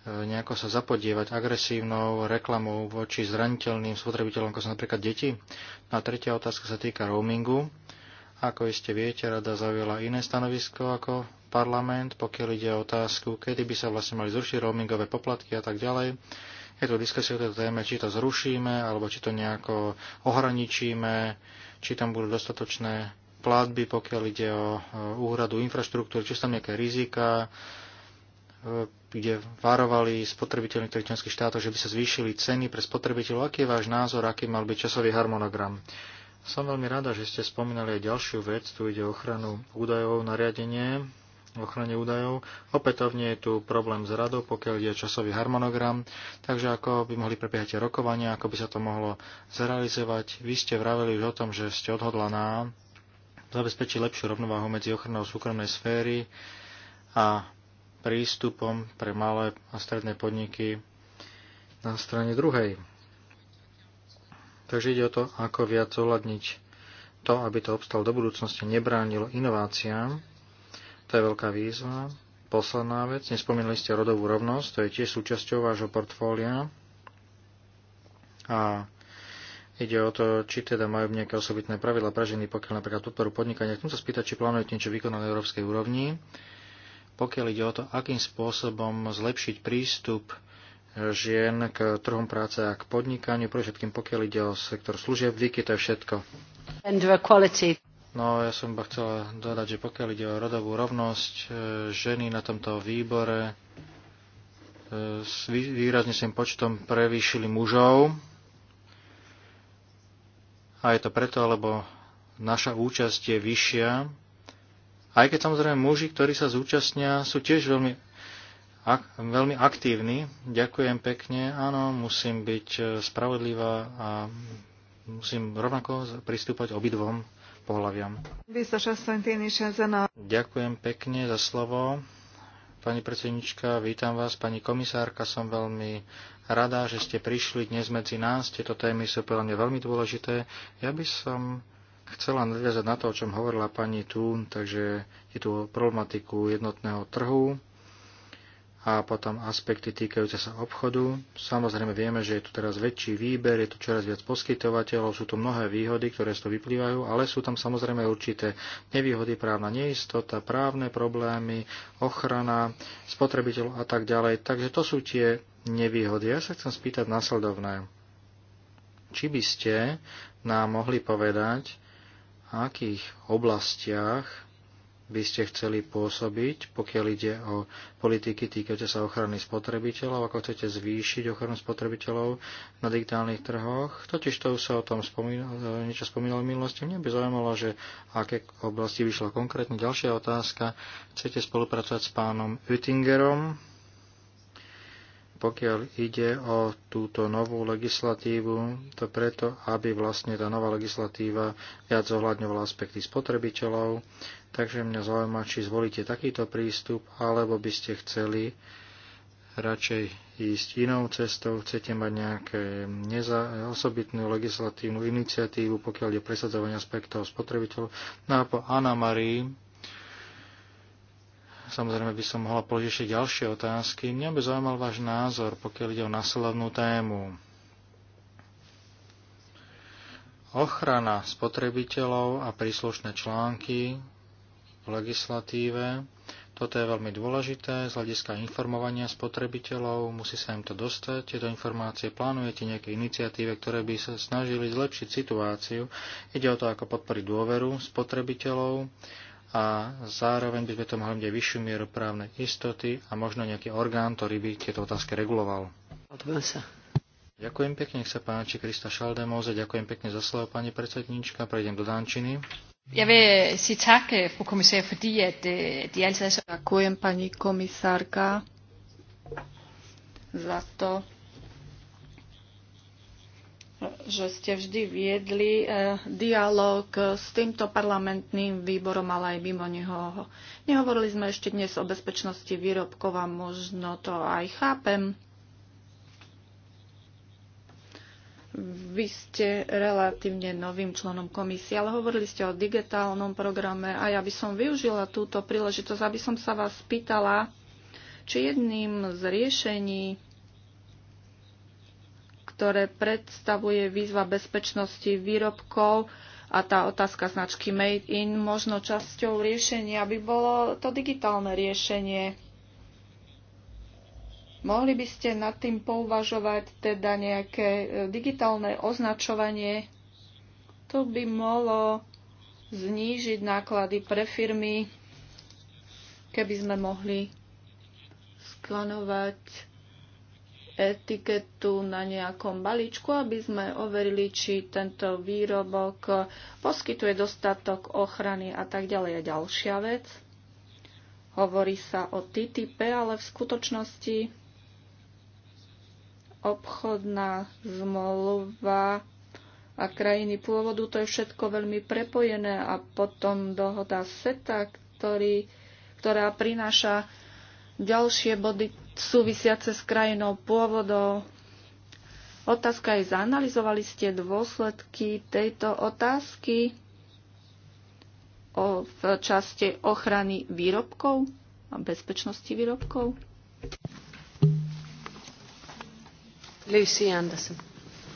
Speaker 3: nejako sa zapodievať agresívnou reklamou voči zraniteľným spotrebiteľom, ako sú napríklad deti? No a tretia otázka sa týka roamingu. Ako iste viete, rada zaujala iné stanovisko ako parlament, pokiaľ ide o otázku, kedy by sa vlastne mali zrušiť roamingové poplatky a tak ďalej. Je tu diskusia o tejto téme, či to zrušíme, alebo či to nejako ohraničíme, či tam budú dostatočné platby, pokiaľ ide o e, úhradu infraštruktúry, či sú tam nejaké rizika, kde varovali spotrebiteľmi ktorých členských štátov, že by sa zvýšili ceny pre spotrebiteľov. Aký je váš názor, aký mal byť časový harmonogram? Som veľmi rada, že ste spomínali aj ďalšiu vec. Tu ide o ochranu údajov, nariadenie ochrane údajov. Opätovne je tu problém s radou, pokiaľ ide časový harmonogram, takže ako by mohli prebiehať rokovania, ako by sa to mohlo zrealizovať. Vy ste vraveli už o tom, že ste odhodlaná zabezpečiť lepšiu rovnováhu medzi ochranou súkromnej sféry a prístupom pre malé a stredné podniky na strane druhej. Takže ide o to, ako viac zohľadniť to, aby to obstalo do budúcnosti, nebránilo inováciám. To je veľká výzva. Posledná vec, nespomínali ste rodovú rovnosť, to je tiež súčasťou vášho portfólia. A ide o to, či teda majú nejaké osobitné pravidla pre ženy, pokiaľ napríklad podporu podnikania. Chcem sa spýtať, či plánujete niečo vykonať na európskej úrovni pokiaľ ide o to, akým spôsobom zlepšiť prístup žien k trhom práce a k podnikaniu, pre všetkým pokiaľ ide o sektor služieb, výky, to je všetko. No, ja som iba chcela dodať, že pokiaľ ide o rodovú rovnosť, e, ženy na tomto výbore e, s výrazne svojím počtom prevýšili mužov. A je to preto, lebo naša účasť je vyššia aj keď samozrejme muži, ktorí sa zúčastnia, sú tiež veľmi, ak, veľmi aktívni. Ďakujem pekne. Áno, musím byť e, spravodlivá a musím rovnako pristúpať obidvom pohľaviam. Ďakujem pekne za slovo. Pani predsednička, vítam vás. Pani komisárka, som veľmi rada, že ste prišli dnes medzi nás. Tieto témy sú pre mňa veľmi dôležité. Ja by som chcela nadviazať na to, o čom hovorila pani Tún, takže je tu problematiku jednotného trhu a potom aspekty týkajúce sa obchodu. Samozrejme vieme, že je tu teraz väčší výber, je tu čoraz viac poskytovateľov, sú tu mnohé výhody, ktoré z toho vyplývajú, ale sú tam samozrejme určité nevýhody, právna neistota, právne problémy, ochrana spotrebiteľov a tak ďalej. Takže to sú tie nevýhody. Ja sa chcem spýtať nasledovné. Či by ste nám mohli povedať, akých oblastiach by ste chceli pôsobiť, pokiaľ ide o politiky týkajúce sa ochrany spotrebiteľov, ako chcete zvýšiť ochranu spotrebiteľov na digitálnych trhoch. Totiž to už sa o tom spomínal, e, niečo spomínalo v minulosti. Mne by zaujímalo, že aké oblasti vyšla konkrétne. Ďalšia otázka. Chcete spolupracovať s pánom Oettingerom, pokiaľ ide o túto novú legislatívu, to preto, aby vlastne tá nová legislatíva viac zohľadňovala aspekty spotrebiteľov. Takže mňa zaujíma, či zvolíte takýto prístup, alebo by ste chceli radšej ísť inou cestou, chcete mať nejaké neza, osobitnú legislatívnu iniciatívu, pokiaľ je presadzovanie aspektov spotrebiteľov. No a po Anna Marie Samozrejme by som mohla položiť ešte ďalšie otázky. Mňa by zaujímal váš názor, pokiaľ ide o následnú tému. Ochrana spotrebiteľov a príslušné články v legislatíve. Toto je veľmi dôležité z hľadiska informovania spotrebiteľov. Musí sa im to dostať, tieto informácie. Plánujete nejaké iniciatíve, ktoré by sa snažili zlepšiť situáciu. Ide o to, ako podporiť dôveru spotrebiteľov a zároveň by sme to mohli mať vyššiu mieru právnej istoty a možno nejaký orgán, ktorý by tieto otázky reguloval. sa. Ďakujem pekne, nech sa páči Krista Šaldemoze, ďakujem pekne za slovo, pani predsednička, prejdem do Dančiny. Ja
Speaker 2: vie si tak, eh, fru komisár, fordi at eh, de altid er så... Ďakujem, pani komisárka, za to, že ste vždy viedli e, dialog s týmto parlamentným výborom, ale aj mimo neho. Nehovorili sme ešte dnes o bezpečnosti výrobkov a možno to aj chápem. Vy ste relatívne novým členom komisie, ale hovorili ste o digitálnom programe a ja by som využila túto príležitosť, aby som sa vás spýtala, či jedným z riešení ktoré predstavuje výzva bezpečnosti výrobkov a tá otázka značky Made in možno časťou riešenia by bolo to digitálne riešenie. Mohli by ste nad tým pouvažovať teda nejaké e, digitálne označovanie? To by mohlo znížiť náklady pre firmy, keby sme mohli sklanovať etiketu na nejakom balíčku, aby sme overili, či tento výrobok poskytuje dostatok ochrany a tak ďalej. A ďalšia vec, hovorí sa o TTIP, ale v skutočnosti obchodná zmluva a krajiny pôvodu, to je všetko veľmi prepojené a potom dohoda SETA, ktorý, ktorá prináša ďalšie body súvisiace s krajinou pôvodov. Otázka je, zanalizovali ste dôsledky tejto otázky o, v časti ochrany výrobkov a bezpečnosti výrobkov? Lucy Anderson.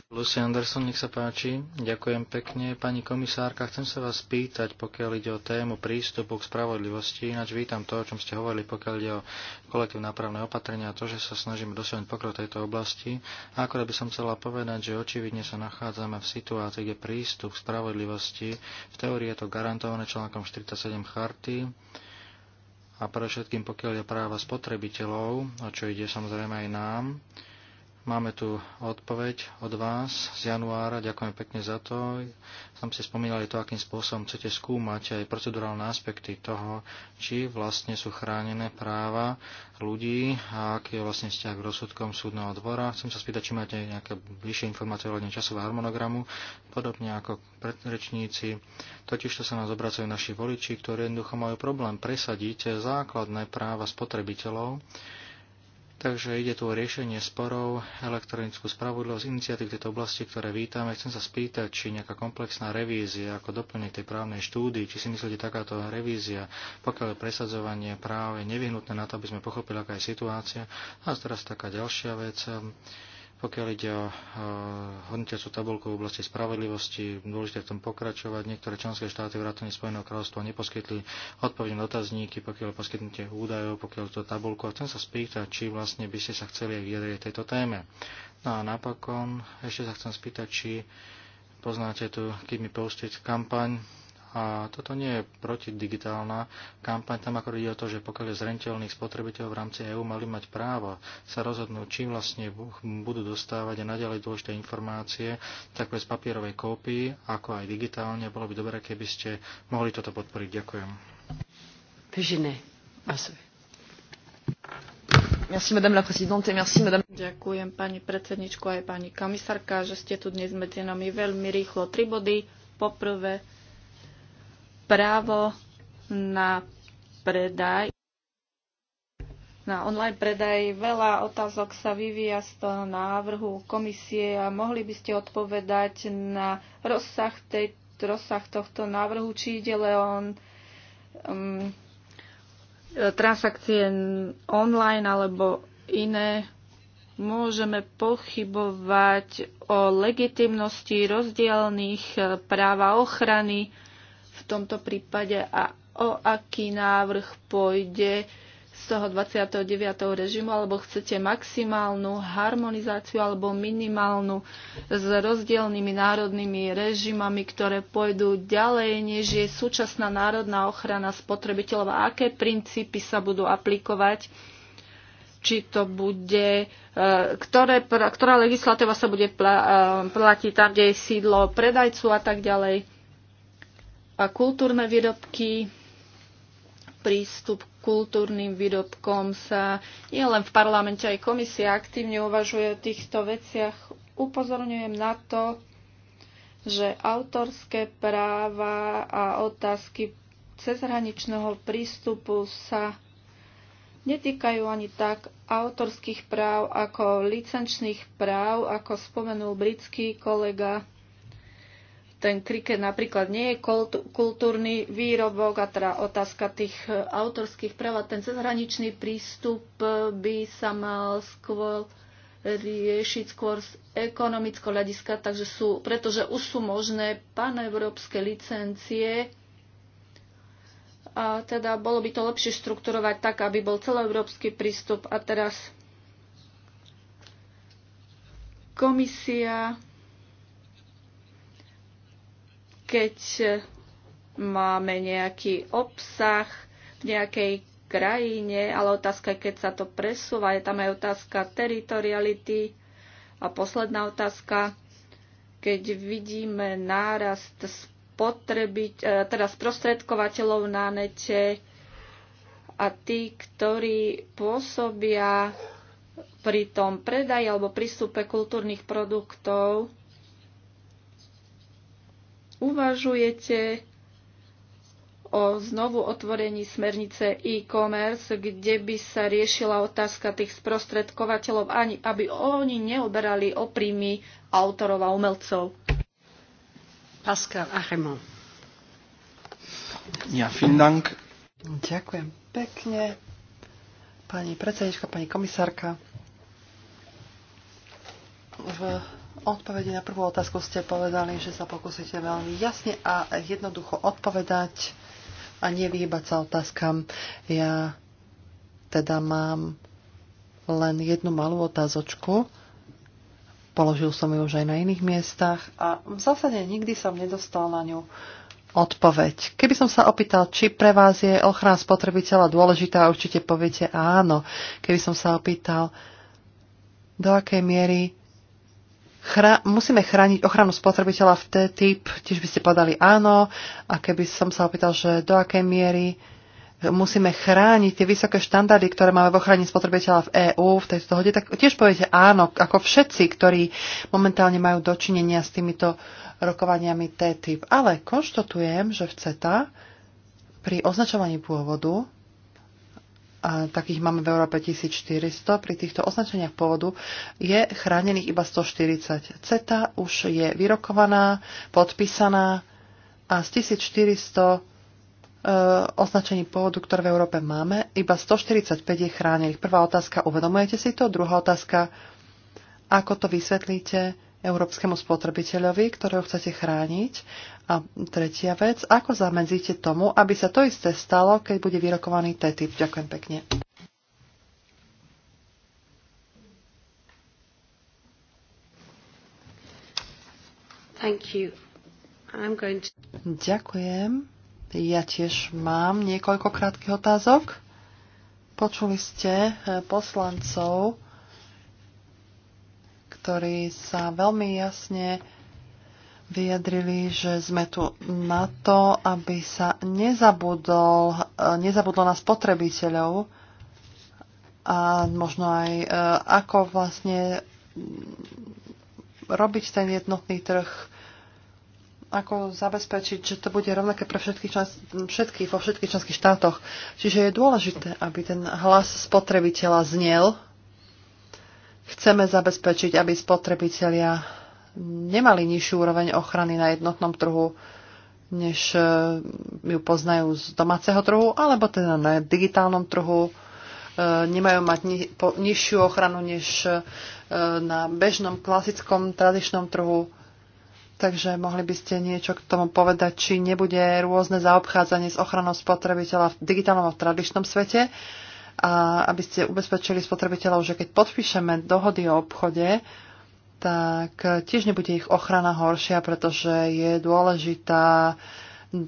Speaker 3: Lucy Anderson, nech sa páči. Ďakujem pekne. Pani komisárka, chcem sa vás spýtať, pokiaľ ide o tému prístupu k spravodlivosti. Ináč vítam to, o čom ste hovorili, pokiaľ ide o kolektívne nápravné opatrenia a to, že sa snažíme dosiahnuť pokrok tejto oblasti. A akorát by som chcela povedať, že očividne sa nachádzame v situácii, kde prístup k spravodlivosti, v teórii je to garantované článkom 47 charty, a všetkým, pokiaľ je práva spotrebiteľov, o čo ide samozrejme aj nám, Máme tu odpoveď od vás z januára. Ďakujem pekne za to. Tam ste spomínali to, akým spôsobom chcete skúmať aj procedurálne aspekty toho, či vlastne sú chránené práva ľudí a aký je vlastne vzťah k rozsudkom súdneho dvora. Chcem sa spýtať, či máte nejaké bližšie informácie ohľadne časového harmonogramu, podobne ako predrečníci. Totiž to sa nás obracajú naši voliči, ktorí jednoducho majú problém presadiť základné práva spotrebiteľov Takže ide tu o riešenie sporov, elektronickú spravodlivosť, iniciatív v tejto oblasti, ktoré vítame. Chcem sa spýtať, či nejaká komplexná revízia ako doplnenie tej právnej štúdii, či si myslíte takáto revízia, pokiaľ je presadzovanie práve nevyhnutné na to, aby sme pochopili, aká je situácia. A teraz taká ďalšia vec. Pokiaľ ide o eh, hodnotiacu tabulku v oblasti spravodlivosti, dôležité v tom pokračovať. Niektoré členské štáty vrátane Spojeného kráľovstva neposkytli odpovede na otázníky, pokiaľ poskytnutie údajov, pokiaľ to tabulku. A chcem sa spýtať, či vlastne by ste sa chceli aj vyjadriť tejto téme. No a napokon ešte sa chcem spýtať, či poznáte tu Keep Me Posted kampaň, a toto nie je protidigitálna kampaň, tam ako ide o to, že pokiaľ je zrenteľných spotrebiteľov v rámci EÚ mali mať právo sa rozhodnúť, čím vlastne budú dostávať a naďalej dôležité informácie, tak bez papierovej kópii, ako aj digitálne, bolo by dobré, keby ste mohli toto podporiť. Ďakujem.
Speaker 1: Merci, madame la présidente, merci, madame...
Speaker 2: Ďakujem pani predsedničku aj pani komisárka, že ste tu dnes medzi nami veľmi rýchlo. Tri body. Poprvé, právo na predaj na online predaj. Veľa otázok sa vyvíja z toho návrhu komisie a mohli by ste odpovedať na rozsah, tej, rozsah tohto návrhu, či ide len um, transakcie online alebo iné. Môžeme pochybovať o legitimnosti rozdielných eh, práva ochrany tomto prípade a o aký návrh pôjde z toho 29. režimu, alebo chcete maximálnu harmonizáciu alebo minimálnu s rozdielnymi národnými režimami, ktoré pôjdu ďalej, než je súčasná národná ochrana spotrebiteľov a aké princípy sa budú aplikovať či to bude, e, ktoré, ktorá legislatíva sa bude e, platiť tam, kde je sídlo predajcu a tak ďalej a kultúrne výrobky. Prístup k kultúrnym výrobkom sa nie len v parlamente, aj komisia aktívne uvažuje o týchto veciach. Upozorňujem na to, že autorské práva a otázky cezhraničného prístupu sa netýkajú ani tak autorských práv ako licenčných práv, ako spomenul britský kolega ten kriket napríklad nie je kultúrny výrobok a teda otázka tých e, autorských práv a ten cezhraničný prístup e, by sa mal skôr riešiť skôr z ekonomického hľadiska, takže sú, pretože už sú možné paneurópske licencie a teda bolo by to lepšie štrukturovať tak, aby bol celoeurópsky prístup a teraz komisia keď máme nejaký obsah v nejakej krajine, ale otázka je, keď sa to presúva. Je tam aj otázka teritoriality. A posledná otázka, keď vidíme nárast spotreby, e, teda sprostredkovateľov na nete a tí, ktorí pôsobia pri tom predaji alebo prístupe kultúrnych produktov, uvažujete o znovu otvorení smernice e-commerce, kde by sa riešila otázka tých sprostredkovateľov, ani aby oni neoberali o príjmy autorov a umelcov. Pascal Achemont.
Speaker 3: Ja, vielen Dank.
Speaker 1: Ďakujem pekne. Pani predsednička, pani komisárka. V odpovede na prvú otázku ste povedali, že sa pokúsite veľmi jasne a jednoducho odpovedať a nevyhybať sa otázkam. Ja teda mám len jednu malú otázočku. Položil som ju už aj na iných miestach a v zásade nikdy som nedostal na ňu odpoveď. Keby som sa opýtal, či pre vás je ochrana spotrebiteľa dôležitá, určite poviete áno. Keby som sa opýtal, do akej miery chra- musíme chrániť ochranu spotrebiteľa v T-typ, tiež by ste podali áno, a keby som sa opýtal, že do akej miery musíme chrániť tie vysoké štandardy, ktoré máme v ochrane spotrebiteľa v EÚ v tejto dohode, tak tiež poviete áno, ako všetci, ktorí momentálne majú dočinenia s týmito rokovaniami typ Ale konštatujem, že v CETA pri označovaní pôvodu a takých máme v Európe 1400. Pri týchto označeniach pôvodu je chránených iba 140. CETA už je vyrokovaná, podpísaná a z 1400 e, označení pôvodu, ktoré v Európe máme, iba 145 je chránených. Prvá otázka, uvedomujete si to? Druhá otázka, ako to vysvetlíte? európskemu spotrebiteľovi, ktorého chcete chrániť. A tretia vec, ako zamedzíte tomu, aby sa to isté stalo, keď bude vyrokovaný TTIP. Ďakujem pekne.
Speaker 3: Thank you.
Speaker 2: I'm going to...
Speaker 1: Ďakujem. Ja tiež mám niekoľko krátkých otázok. Počuli ste eh, poslancov, ktorí sa veľmi jasne vyjadrili, že sme tu na to, aby sa nezabudol, eh, nezabudlo na spotrebiteľov a možno aj eh, ako vlastne mm, robiť ten jednotný trh, ako zabezpečiť, že to bude rovnaké pre všetkých, čas, všetkých vo všetkých členských štátoch. Čiže je dôležité, aby ten hlas spotrebiteľa znel Chceme zabezpečiť, aby spotrebitelia nemali nižšiu úroveň ochrany na jednotnom trhu, než e, ju poznajú z domáceho trhu, alebo teda na digitálnom trhu. E, nemajú mať nižšiu ochranu než e, na bežnom, klasickom, tradičnom trhu. Takže mohli by ste niečo k tomu povedať, či nebude rôzne zaobchádzanie s ochranou spotrebiteľa v digitálnom a v tradičnom svete a aby ste ubezpečili spotrebiteľov, že keď podpíšeme dohody o obchode, tak tiež nebude ich ochrana horšia, pretože je dôležitá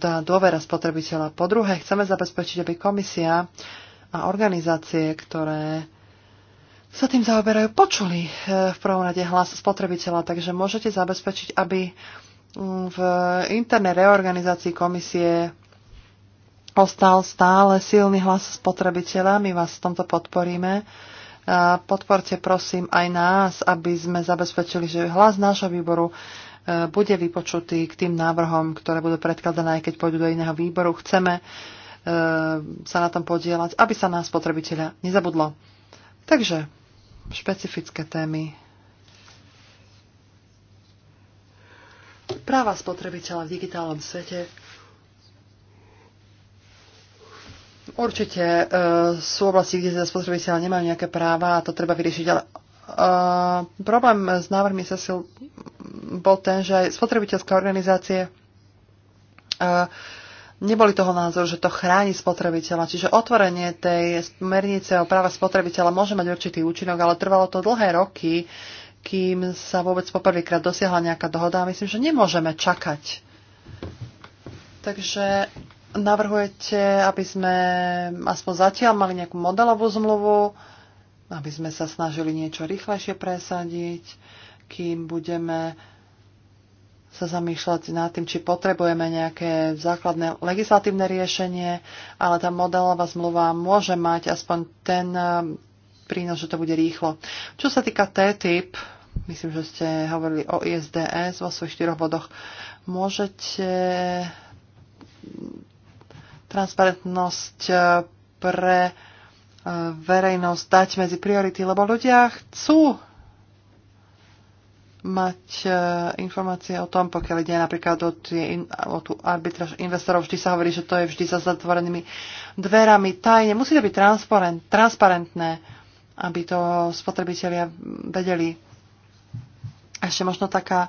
Speaker 1: tá dôvera spotrebiteľa. Po druhé, chceme zabezpečiť, aby komisia a organizácie, ktoré sa tým zaoberajú, počuli e, v prvom rade hlas spotrebiteľa, takže môžete zabezpečiť, aby mm, v internej reorganizácii komisie postal stále silný hlas spotrebiteľa. My vás v tomto podporíme. Podporte prosím aj nás, aby sme zabezpečili, že hlas nášho výboru e, bude vypočutý k tým návrhom, ktoré budú predkladané, aj keď pôjdu do iného výboru. Chceme e, sa na tom podielať, aby sa nás spotrebiteľa nezabudlo. Takže špecifické témy. Práva spotrebiteľa v digitálnom svete Určite uh, sú oblasti, kde sa spotrebiteľ nemajú nejaké práva a to treba vyriešiť, ale Uh, problém s návrhmi sil bol ten, že aj spotrebiteľské organizácie uh, neboli toho názoru, že to chráni spotrebiteľa. Čiže otvorenie tej smernice o práva spotrebiteľa môže mať určitý účinok, ale trvalo to dlhé roky, kým sa vôbec poprvýkrát dosiahla nejaká dohoda a myslím, že nemôžeme čakať. Takže navrhujete, aby sme aspoň zatiaľ mali nejakú modelovú zmluvu, aby sme sa snažili niečo rýchlejšie presadiť, kým budeme sa zamýšľať nad tým, či potrebujeme nejaké základné legislatívne riešenie, ale tá modelová zmluva môže mať aspoň ten eh, prínos, že to bude rýchlo. Čo sa týka T-typ, myslím, že ste hovorili o ISDS vo svojich štyroch bodoch, môžete transparentnosť eh, pre eh, verejnosť dať medzi priority, lebo ľudia chcú mať eh, informácie o tom, pokiaľ ide napríklad o, tie, o tú arbitraž investorov, vždy sa hovorí, že to je vždy za zatvorenými dverami, tajne. Musí to byť transparent, transparentné, aby to spotrebitelia vedeli. Ešte možno taká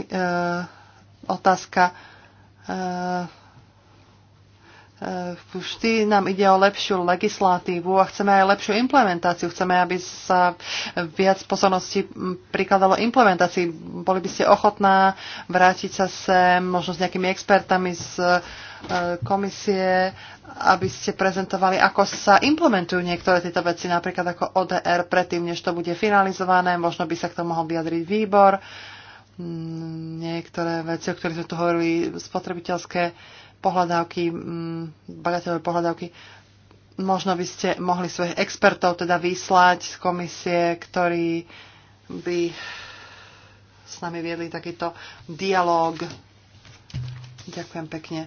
Speaker 1: e, otázka. E, Eh, vždy nám ide o lepšiu legislatívu a chceme aj lepšiu implementáciu. Chceme, aby sa viac pozornosti hm, prikladalo implementácii. Boli by ste ochotná vrátiť sa sem, možno s nejakými expertami z eh, komisie, aby ste prezentovali, ako sa implementujú niektoré tieto veci, napríklad ako ODR, predtým, než to bude finalizované. Možno by sa k tomu mohol vyjadriť výbor. Hm, niektoré veci, o ktorých sme tu hovorili, spotrebiteľské pohľadávky, mm, bagatelové pohľadávky, možno by ste mohli svojich expertov teda vyslať z komisie, ktorí by s nami viedli takýto dialog. Ďakujem pekne.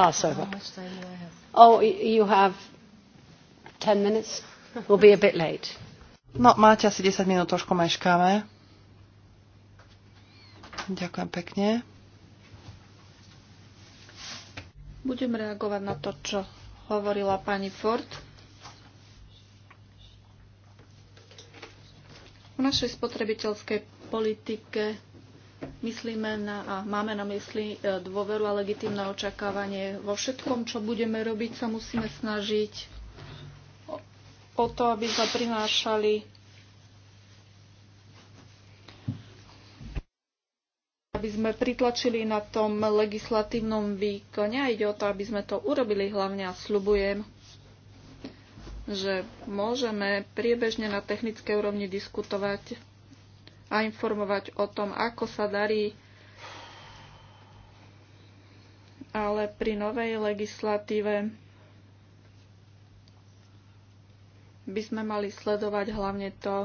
Speaker 3: Oh,
Speaker 1: no, máte asi 10 minút, trošku meškáme. Ďakujem pekne.
Speaker 2: Budem reagovať na to, čo hovorila pani Ford. V našej spotrebiteľskej politike myslíme na, a máme na mysli e, dôveru a legitimné očakávanie. Vo všetkom, čo budeme robiť, sa musíme snažiť o to, aby sa prinášali aby sme pritlačili na tom legislatívnom výkone a ide o to, aby sme to urobili hlavne a slubujem, že môžeme priebežne na technickej úrovni diskutovať a informovať o tom, ako sa darí ale pri novej legislatíve by sme mali sledovať hlavne to,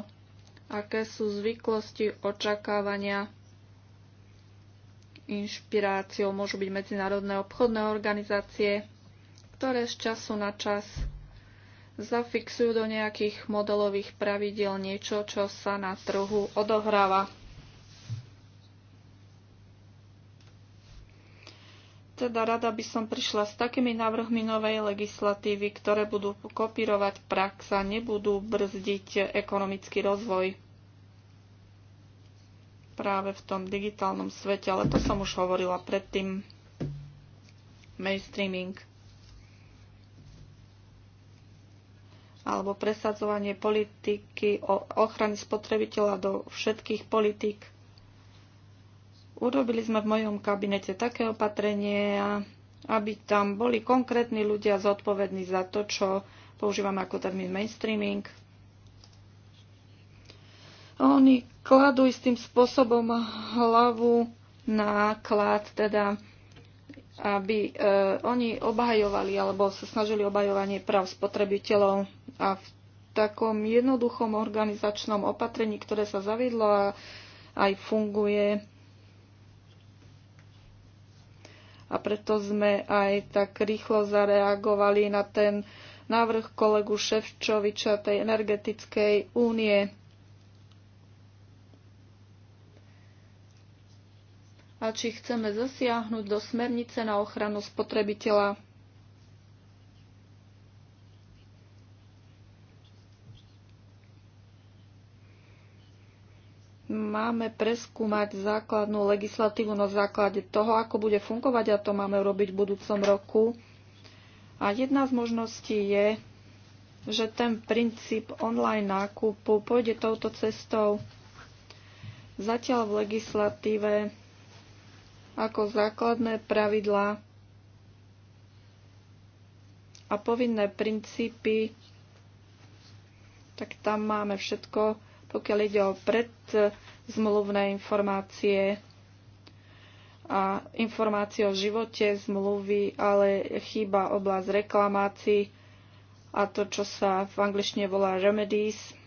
Speaker 2: aké sú zvyklosti, očakávania Inšpiráciou môžu byť medzinárodné obchodné organizácie, ktoré z času na čas zafixujú do nejakých modelových pravidel niečo, čo sa na trhu odohráva. Teda rada by som prišla s takými návrhmi novej legislatívy, ktoré budú kopírovať prax a nebudú brzdiť ekonomický rozvoj práve v tom digitálnom svete, ale to som už hovorila predtým. Mainstreaming alebo presadzovanie politiky o ochrany spotrebiteľa do všetkých politík. Urobili sme v mojom kabinete také opatrenia, aby tam boli konkrétni ľudia zodpovední za to, čo používame ako termín mainstreaming, oni kladú istým spôsobom hlavu na klad, teda aby e, oni obhajovali alebo sa snažili obhajovanie práv spotrebiteľov a v takom jednoduchom organizačnom opatrení, ktoré sa zaviedlo a aj funguje. A preto sme aj tak rýchlo zareagovali na ten návrh kolegu Ševčoviča tej energetickej únie. a či chceme zasiahnuť do smernice na ochranu spotrebiteľa. Máme preskúmať základnú legislatívu na základe toho, ako bude fungovať a to máme robiť v budúcom roku. A jedna z možností je, že ten princíp online nákupu pôjde touto cestou. Zatiaľ v legislatíve ako základné pravidlá a povinné princípy, tak tam máme všetko, pokiaľ ide o predzmluvné informácie a informácie o živote zmluvy, ale chýba oblasť reklamácií a to, čo sa v angličtine volá remedies –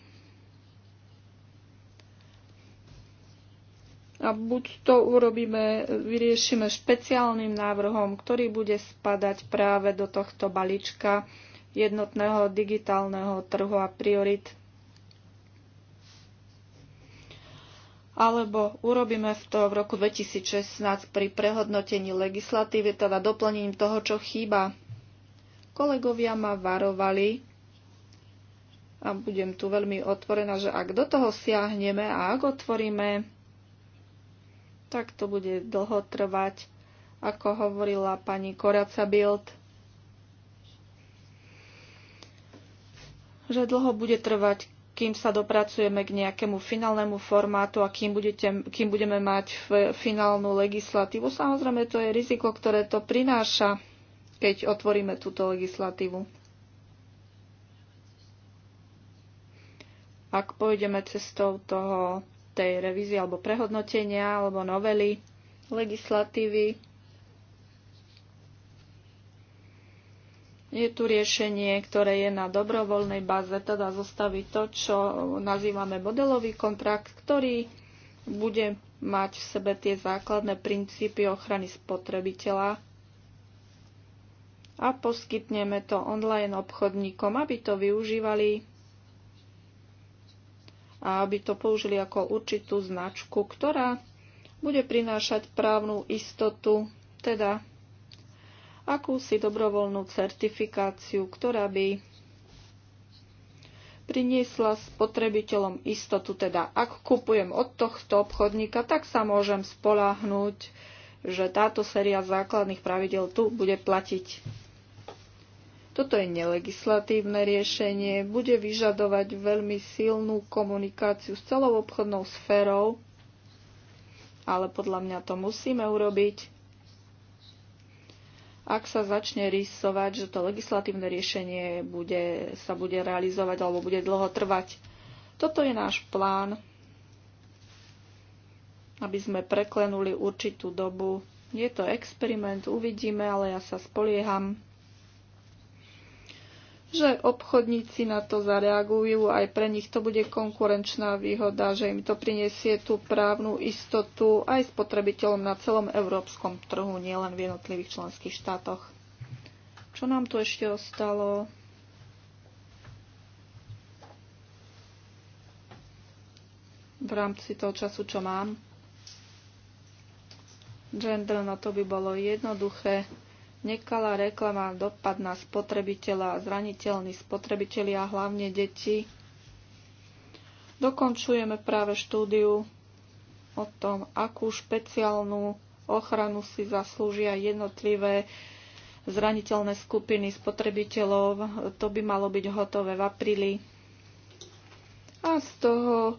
Speaker 2: A buď to urobíme, vyriešime špeciálnym návrhom, ktorý bude spadať práve do tohto balíčka jednotného digitálneho trhu a priorit. Alebo urobíme v to v roku 2016 pri prehodnotení legislatívy, teda doplnením toho, čo chýba. Kolegovia ma varovali, a budem tu veľmi otvorená, že ak do toho siahneme a ak otvoríme tak to bude dlho trvať, ako hovorila pani Koraca Bild, že dlho bude trvať, kým sa dopracujeme k nejakému finálnemu formátu a kým, budete, kým budeme mať finálnu legislatívu. Samozrejme, to je riziko, ktoré to prináša, keď otvoríme túto legislatívu. Ak pôjdeme cestou toho tej revízie alebo prehodnotenia alebo novely legislatívy. Je tu riešenie, ktoré je na dobrovoľnej báze, teda zostaviť to, čo nazývame modelový kontrakt, ktorý bude mať v sebe tie základné princípy ochrany spotrebiteľa a poskytneme to online obchodníkom, aby to využívali a aby to použili ako určitú značku, ktorá bude prinášať právnu istotu, teda akúsi dobrovoľnú certifikáciu, ktorá by priniesla spotrebiteľom istotu, teda ak kupujem od tohto obchodníka, tak sa môžem spoláhnuť, že táto séria základných pravidel tu bude platiť. Toto je nelegislatívne riešenie, bude vyžadovať veľmi silnú komunikáciu s celou obchodnou sférou, ale podľa mňa to musíme urobiť. Ak sa začne rysovať, že to legislatívne riešenie bude, sa bude realizovať alebo bude dlho trvať, toto je náš plán, aby sme preklenuli určitú dobu. Je to experiment, uvidíme, ale ja sa spolieham že obchodníci na to zareagujú, aj pre nich to bude konkurenčná výhoda, že im to prinesie tú právnu istotu aj spotrebiteľom na celom európskom trhu, nielen v jednotlivých členských štátoch. Čo nám tu ešte ostalo? V rámci toho času, čo mám. Gender, no to by bolo jednoduché Nekalá reklama dopad na spotrebiteľa, zraniteľní spotrebitelia, hlavne deti. Dokončujeme práve štúdiu o tom, akú špeciálnu ochranu si zaslúžia jednotlivé zraniteľné skupiny spotrebiteľov. To by malo byť hotové v apríli. A z toho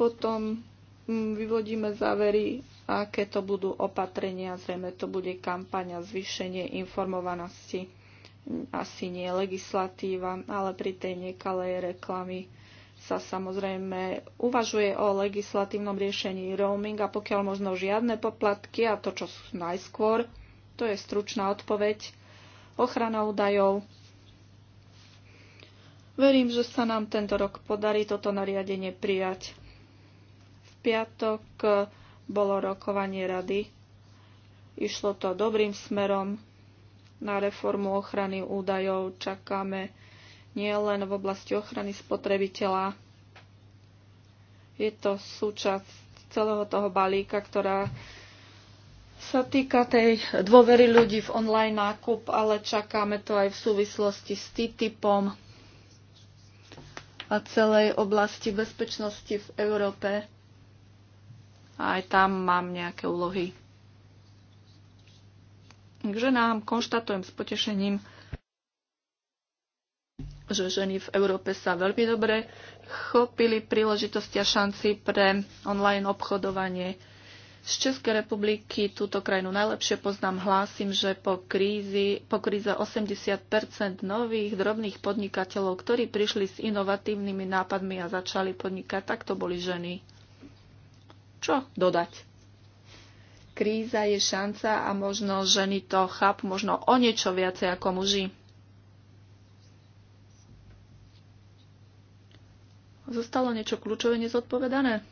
Speaker 2: potom mm, vyvodíme závery aké to budú opatrenia, zrejme to bude a zvýšenie informovanosti, asi nie legislatíva, ale pri tej nekalej reklamy sa samozrejme uvažuje o legislatívnom riešení roaming a pokiaľ možno žiadne poplatky a to, čo sú najskôr, to je stručná odpoveď, ochrana údajov. Verím, že sa nám tento rok podarí toto nariadenie prijať. V piatok bolo rokovanie rady. Išlo to dobrým smerom na reformu ochrany údajov. Čakáme nielen v oblasti ochrany spotrebiteľa. Je to súčasť celého toho balíka, ktorá sa týka tej dôvery ľudí v online nákup, ale čakáme to aj v súvislosti s TTIPom a celej oblasti bezpečnosti v Európe. A aj tam mám nejaké úlohy. K ženám konštatujem s potešením, že ženy v Európe sa veľmi dobre chopili príležitosti a šanci pre online obchodovanie. Z Českej republiky túto krajinu najlepšie poznám. Hlásim, že po, krízi, po kríze 80 nových drobných podnikateľov, ktorí prišli s inovatívnymi nápadmi a začali podnikať, tak to boli ženy čo dodať. Kríza je šanca a možno ženy to chápu možno o niečo viacej ako muži. Zostalo niečo kľúčové nezodpovedané?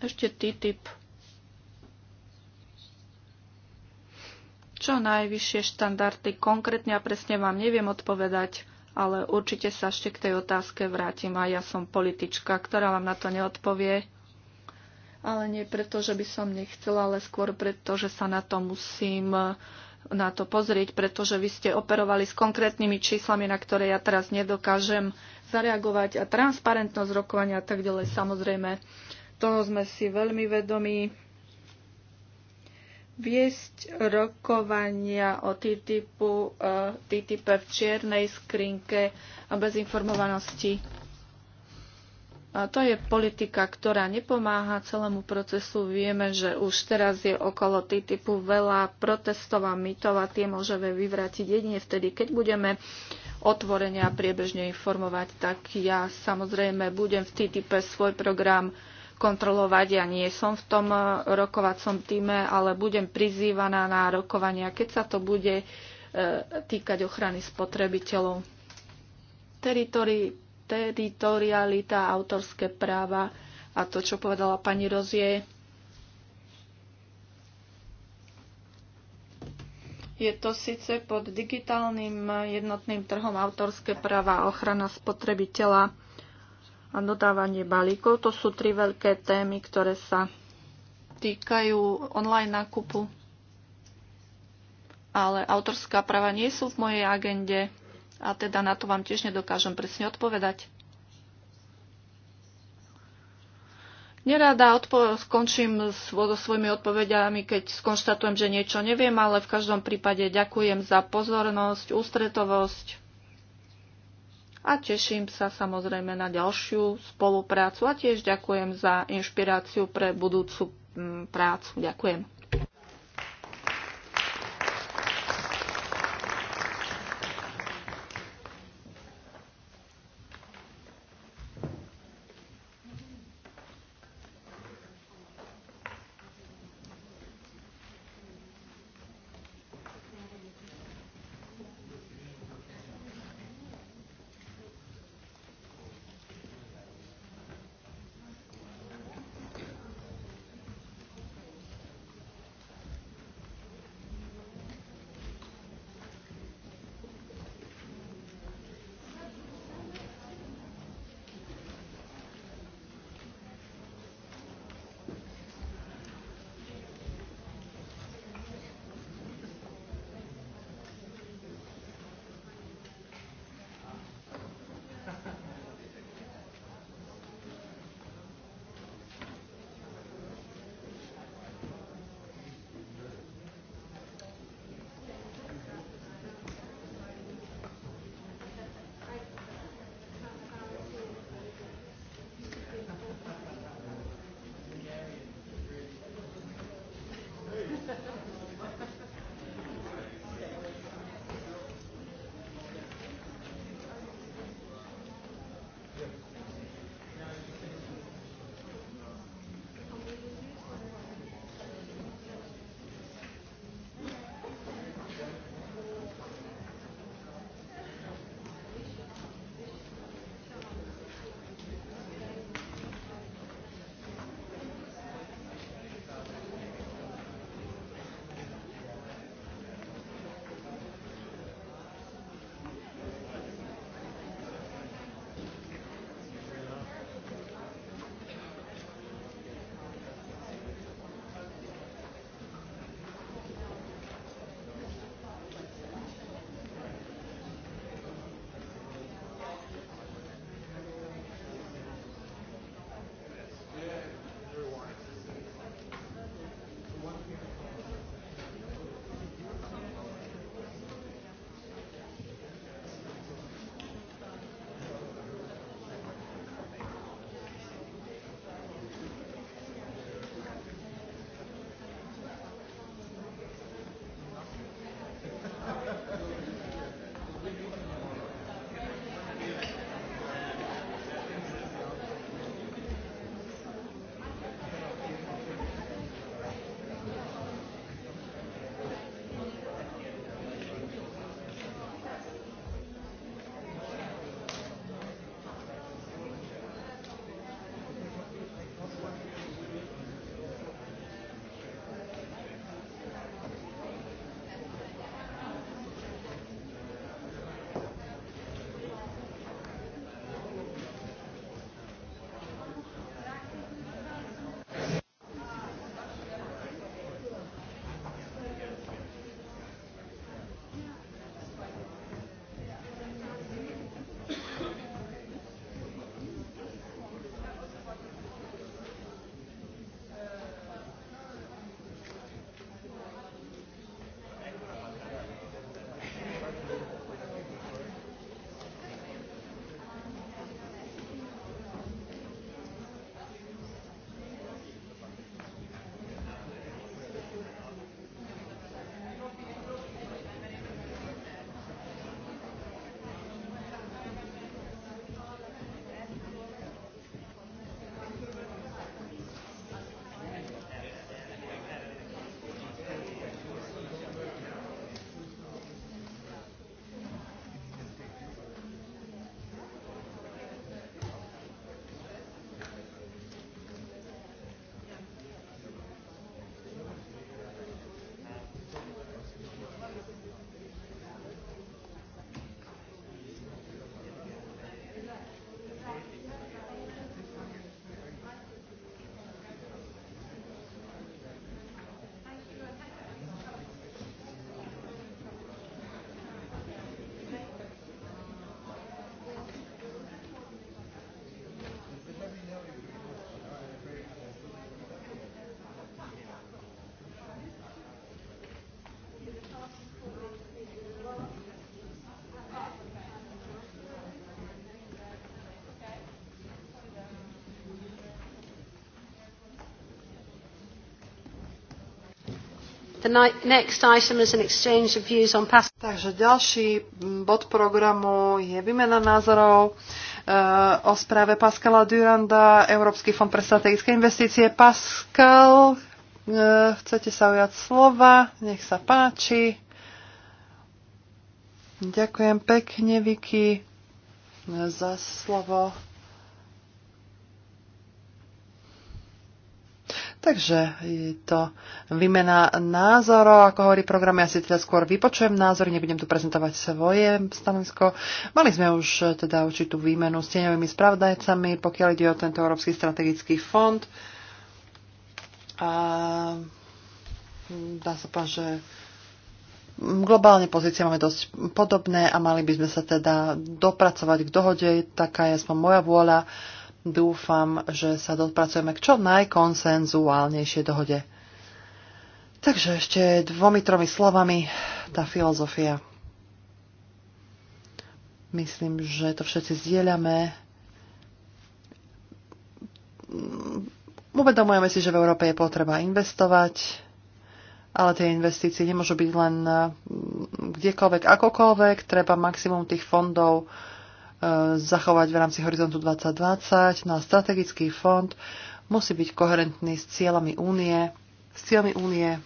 Speaker 2: Ešte typ. Čo najvyššie štandardy konkrétne a presne vám neviem odpovedať, ale určite sa ešte k tej otázke vrátim a ja som politička, ktorá vám na to neodpovie ale nie preto, že by som nechcela, ale skôr preto, že sa na to musím na to pozrieť, pretože vy ste operovali s konkrétnymi číslami, na ktoré ja teraz nedokážem zareagovať a transparentnosť rokovania a tak ďalej. Samozrejme, toho sme si veľmi vedomí. Viesť rokovania o TTIP-u, eh, v čiernej skrinke a bez informovanosti to je politika, ktorá nepomáha celému procesu. Vieme, že už teraz je okolo TTIPu veľa protestov a mytov a tie môžeme vyvrátiť jedine vtedy, keď budeme otvorene a priebežne informovať. Tak ja samozrejme budem v TTIP svoj program kontrolovať. Ja nie som v tom eh, rokovacom týme, ale budem prizývaná na rokovania, keď sa to bude eh, týkať ochrany spotrebiteľov. Teritori teritorialita, autorské práva a to, čo povedala pani Rozie. Je to síce pod digitálnym jednotným trhom autorské práva, ochrana spotrebiteľa a dodávanie balíkov. To sú tri veľké témy, ktoré sa týkajú online nákupu. Ale autorská práva nie sú v mojej agende. A teda na to vám tiež nedokážem presne odpovedať. Nerada odpo- skončím so svojimi odpovediami, keď skonštatujem, že niečo neviem, ale v každom prípade ďakujem za pozornosť, ústretovosť a teším sa samozrejme na ďalšiu spoluprácu a tiež ďakujem za inšpiráciu pre budúcu mm, prácu. Ďakujem.
Speaker 1: Takže ďalší bod programu je výmena názorov e, o správe Pascala Duranda, Európsky fond pre strategické investície. Pascal, e, chcete sa ujať slova? Nech sa páči. Ďakujem pekne, Vicky, e, za slovo. Takže je to výmena názorov, ako hovorí program. Ja si teda skôr vypočujem názory, nebudem tu prezentovať svoje stanovisko. Mali sme už e, teda určitú výmenu s tieňovými spravodajcami, pokiaľ ide o tento Európsky strategický fond. A mm, dá sa povedať, že globálne pozície máme dosť podobné a mali by sme sa teda dopracovať k dohode, taká je aspoň moja vôľa. Uh, Dúfam, že sa dopracujeme k čo najkonsenzuálnejšej dohode. Takže ešte dvomi, tromi slovami tá filozofia. Myslím, že to všetci zdieľame. Uvedomujeme si, že v Európe je potreba investovať, ale tie investície nemôžu byť len kdekoľvek, akokoľvek. Treba maximum tých fondov zachovať v rámci Horizontu 2020 na strategický fond, musí byť koherentný s cieľami únie, s cieľmi únie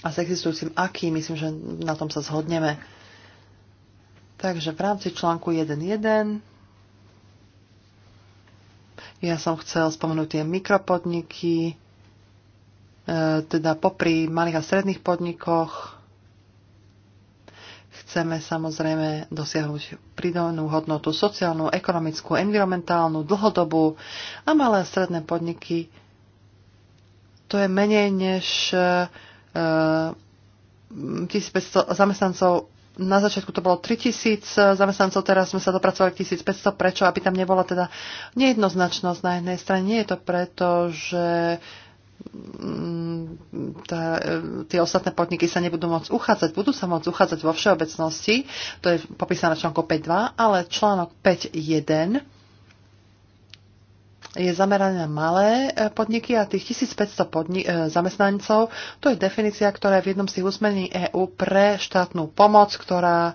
Speaker 1: a s existujúcim aký, myslím, že na tom sa zhodneme. Takže v rámci článku 1.1 ja som chcel spomenúť tie mikropodniky, e, teda popri malých a stredných podnikoch, Chceme samozrejme dosiahnuť pridanú hodnotu sociálnu, ekonomickú, environmentálnu, dlhodobú a malé a stredné podniky. To je menej než uh, eh, 1500 zamestnancov na začiatku to bolo 3000 zamestnancov, teraz sme sa dopracovali k 1500. Prečo? Aby tam nebola teda nejednoznačnosť na jednej strane. Nie je to preto, že Mm, tá, e, tie ostatné podniky sa nebudú môcť uchádzať, budú sa môcť uchádzať vo všeobecnosti, to je popísané v článku 5.2, ale článok 5.1 je zamerané na malé e, podniky a tých 1500 podni- e, zamestnancov, to je definícia, ktorá je v jednom z tých úsmení EÚ pre štátnu pomoc, ktorá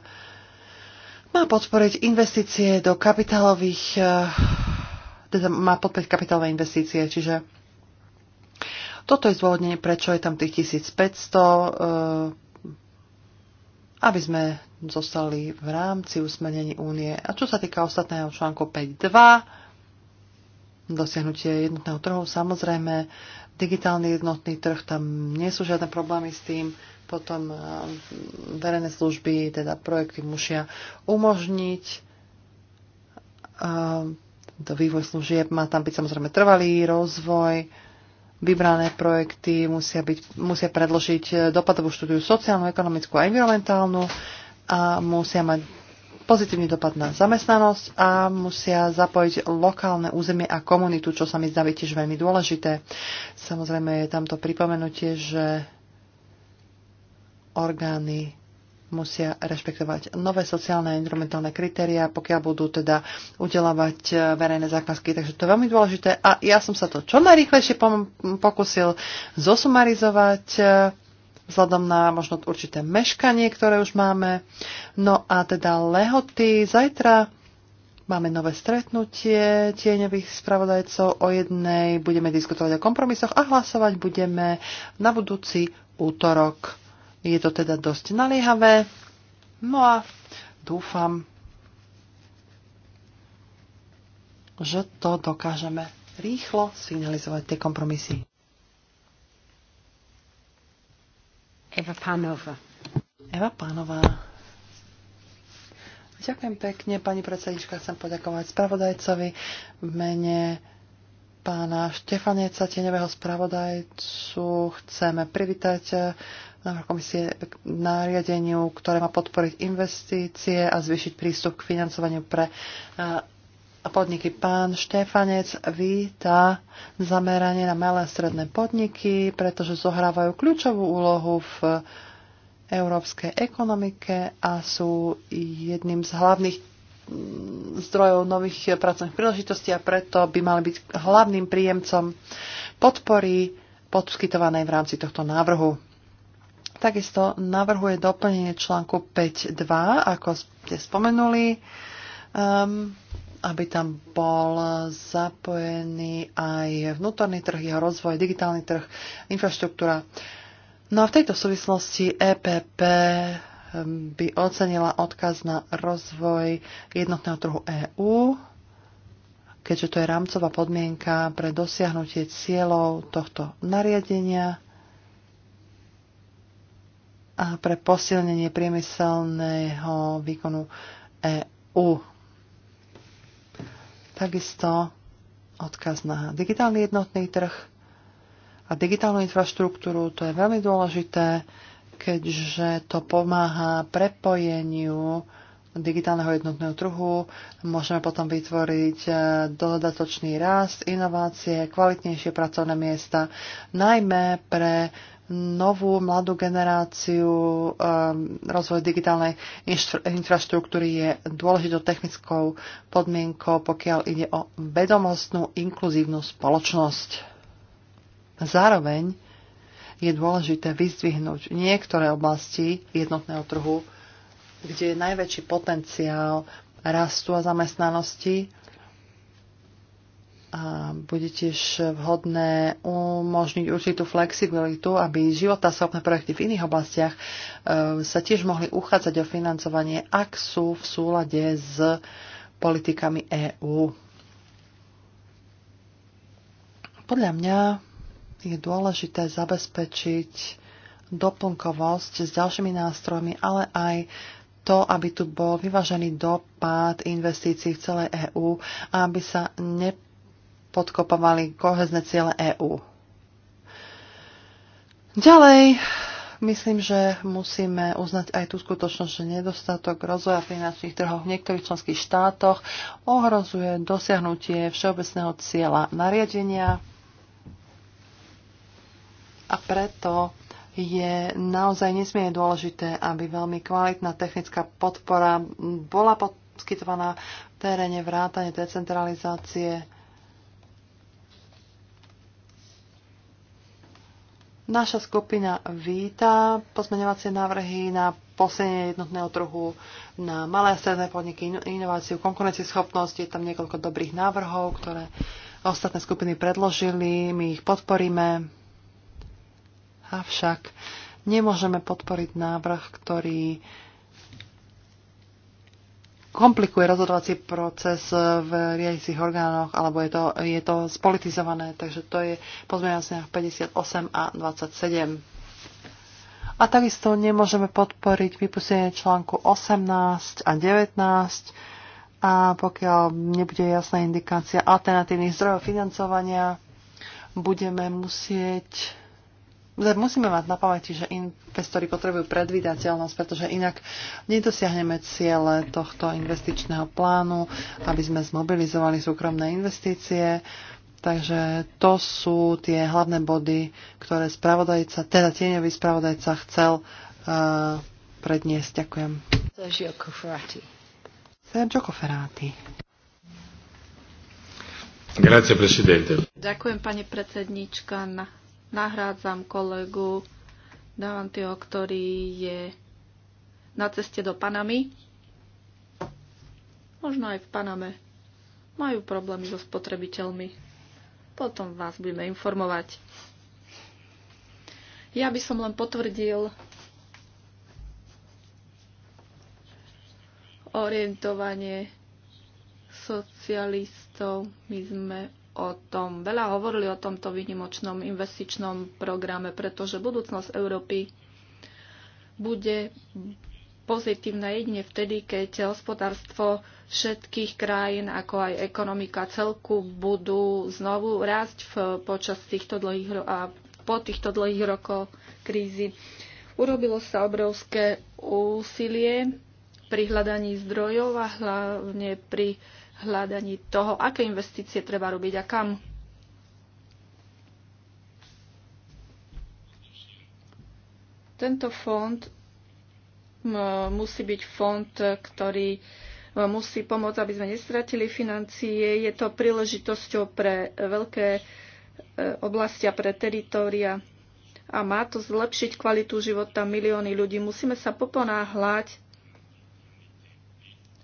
Speaker 1: má podporiť investície do kapitálových, teda má podporiť kapitálové investície, čiže toto je zdôvodnenie, prečo je tam tých 1500, eh, aby sme zostali v rámci usmenení únie. A čo sa týka ostatného článku 5.2, dosiahnutie jednotného trhu, samozrejme, digitálny jednotný trh, tam nie sú žiadne problémy s tým, potom eh, verejné služby, teda projekty musia umožniť eh, to vývoj služieb, má tam byť samozrejme trvalý rozvoj, Vybrané projekty musia, byť, musia predložiť dopadovú štúdiu sociálnu, ekonomickú a environmentálnu a musia mať pozitívny dopad na zamestnanosť a musia zapojiť lokálne územie a komunitu, čo sa mi zdá tiež veľmi dôležité. Samozrejme je tam to pripomenutie, že orgány musia rešpektovať nové sociálne a environmentálne kritéria, pokiaľ budú teda udelovať eh, verejné zákazky. Takže to je veľmi dôležité a ja som sa to čo najrýchlejšie pokusil zosumarizovať eh, vzhľadom na možno určité meškanie, ktoré už máme. No a teda lehoty zajtra Máme nové stretnutie tieňových spravodajcov. O jednej budeme diskutovať o kompromisoch a hlasovať budeme na budúci útorok. Je to teda dosť naliehavé. No a dúfam, že to dokážeme rýchlo signalizovať tie kompromisy. Eva Pánova. Eva Pánova. Ďakujem pekne, pani predsednička. Chcem poďakovať spravodajcovi v mene pána Štefaneca, tieňového spravodajcu. Chceme privítať návrh komisie k nariadeniu, ktoré má podporiť investície a zvýšiť prístup k financovaniu pre eh, podniky. Pán Štefanec víta zameranie na malé a stredné podniky, pretože zohrávajú kľúčovú úlohu v európskej ekonomike a sú jedným z hlavných mm, zdrojov nových pracovných príležitostí a preto by mali byť hlavným príjemcom podpory poskytovanej v rámci tohto návrhu. Takisto navrhuje doplnenie článku 5.2, ako ste spomenuli, um, aby tam bol zapojený aj vnútorný trh, jeho rozvoj, digitálny trh, infraštruktúra. No a v tejto súvislosti EPP um, by ocenila odkaz na rozvoj jednotného trhu EÚ, keďže to je rámcová podmienka pre dosiahnutie cieľov tohto nariadenia a pre posilnenie priemyselného výkonu EU. Takisto odkaz na digitálny jednotný trh a digitálnu infraštruktúru, to je veľmi dôležité, keďže to pomáha prepojeniu digitálneho jednotného trhu. Môžeme potom vytvoriť e, dodatočný rast, inovácie, kvalitnejšie pracovné miesta, najmä pre novú mladú generáciu. Um, rozvoj digitálnej infraštruktúry je dôležitou technickou podmienkou, pokiaľ ide o vedomostnú inkluzívnu spoločnosť. Zároveň je dôležité vyzdvihnúť niektoré oblasti jednotného trhu, kde je najväčší potenciál rastu a zamestnanosti a bude tiež vhodné umožniť určitú flexibilitu, aby schopné projekty v iných oblastiach ehm, sa tiež mohli uchádzať o financovanie, ak sú v súlade s politikami EÚ. Podľa mňa je dôležité zabezpečiť doplnkovosť s ďalšími nástrojmi, ale aj to, aby tu bol vyvážený dopad investícií v celej EÚ a aby sa ne podkopovali kohezné ciele EÚ. Ďalej, myslím, že musíme uznať aj tú skutočnosť, že nedostatok rozvoja finančných trhov v niektorých členských štátoch ohrozuje dosiahnutie všeobecného cieľa nariadenia a preto je naozaj nesmierne dôležité, aby veľmi kvalitná technická podpora bola poskytovaná v teréne vrátane decentralizácie Naša skupina víta pozmeňovacie návrhy na posilnenie jednotného trhu, na malé a stredné podniky, inováciu, konkurencieschopnosť. Je tam niekoľko dobrých návrhov, ktoré ostatné skupiny predložili, my ich podporíme. Avšak nemôžeme podporiť návrh, ktorý komplikuje rozhodovací proces v riadicích orgánoch, alebo je to, je to spolitizované, takže to je pozmeňovací 58 a 27. A takisto nemôžeme podporiť vypustenie článku 18 a 19 a pokiaľ nebude jasná indikácia alternatívnych zdrojov financovania, budeme musieť musíme mať na pamäti, že investori potrebujú predvídateľnosť, pretože inak nedosiahneme ciele tohto investičného plánu, aby sme zmobilizovali súkromné investície. Takže to sú tie hlavné body, ktoré spravodajca, teda tieňový spravodajca chcel uh, predniesť. Ďakujem. Sergio Coferati. Sergio Coferati.
Speaker 2: Grazie,
Speaker 3: presidente.
Speaker 2: Ďakujem, pani predsedníčka nahrádzam kolegu Davantio, ktorý je na ceste do Panamy. Možno aj v Paname. Majú problémy so spotrebiteľmi. Potom vás budeme informovať. Ja by som len potvrdil orientovanie socialistov. My sme o tom veľa hovorili, o tomto výnimočnom investičnom programe, pretože budúcnosť Európy bude pozitívna jedine vtedy, keď hospodárstvo všetkých krajín, ako aj ekonomika celku, budú znovu rásť v, počas týchto dlhých a po týchto dlhých rokoch krízy. Urobilo sa obrovské úsilie pri hľadaní zdrojov a hlavne pri hľadaní toho, aké investície treba robiť a kam. Tento fond musí byť fond, ktorý musí pomôcť, aby sme nestratili financie. Je to príležitosťou pre e, veľké e, oblasti a pre teritória a má to zlepšiť kvalitu života milióny ľudí. Musíme sa poponáhľať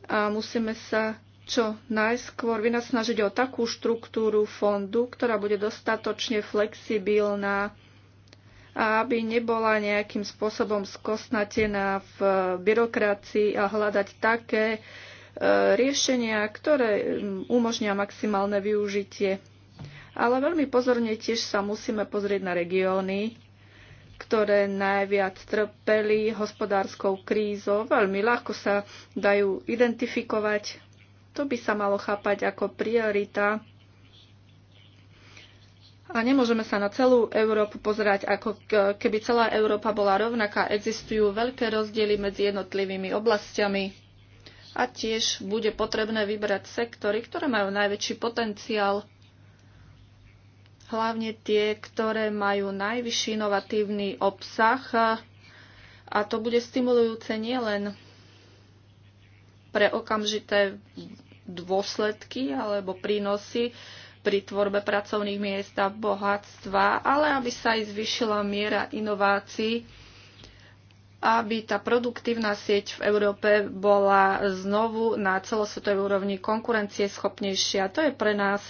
Speaker 2: a musíme sa čo najskôr vynasnažiť o takú štruktúru fondu, ktorá bude dostatočne flexibilná a aby nebola nejakým spôsobom skosnatená v byrokracii a hľadať také e, riešenia, ktoré umožnia maximálne využitie. Ale veľmi pozorne tiež sa musíme pozrieť na regióny, ktoré najviac trpeli hospodárskou krízou. Veľmi ľahko sa dajú identifikovať to by sa malo chápať ako priorita. A nemôžeme sa na celú Európu pozerať, ako keby celá Európa bola rovnaká. Existujú veľké rozdiely medzi jednotlivými oblastiami. A tiež bude potrebné vybrať sektory, ktoré majú najväčší potenciál. Hlavne tie, ktoré majú najvyšší inovatívny obsah. A to bude stimulujúce nielen pre okamžité dôsledky alebo prínosy pri tvorbe pracovných miest a bohatstva, ale aby sa aj zvyšila miera inovácií, aby tá produktívna sieť v Európe bola znovu na celosvetovej úrovni konkurencieschopnejšia. To je pre nás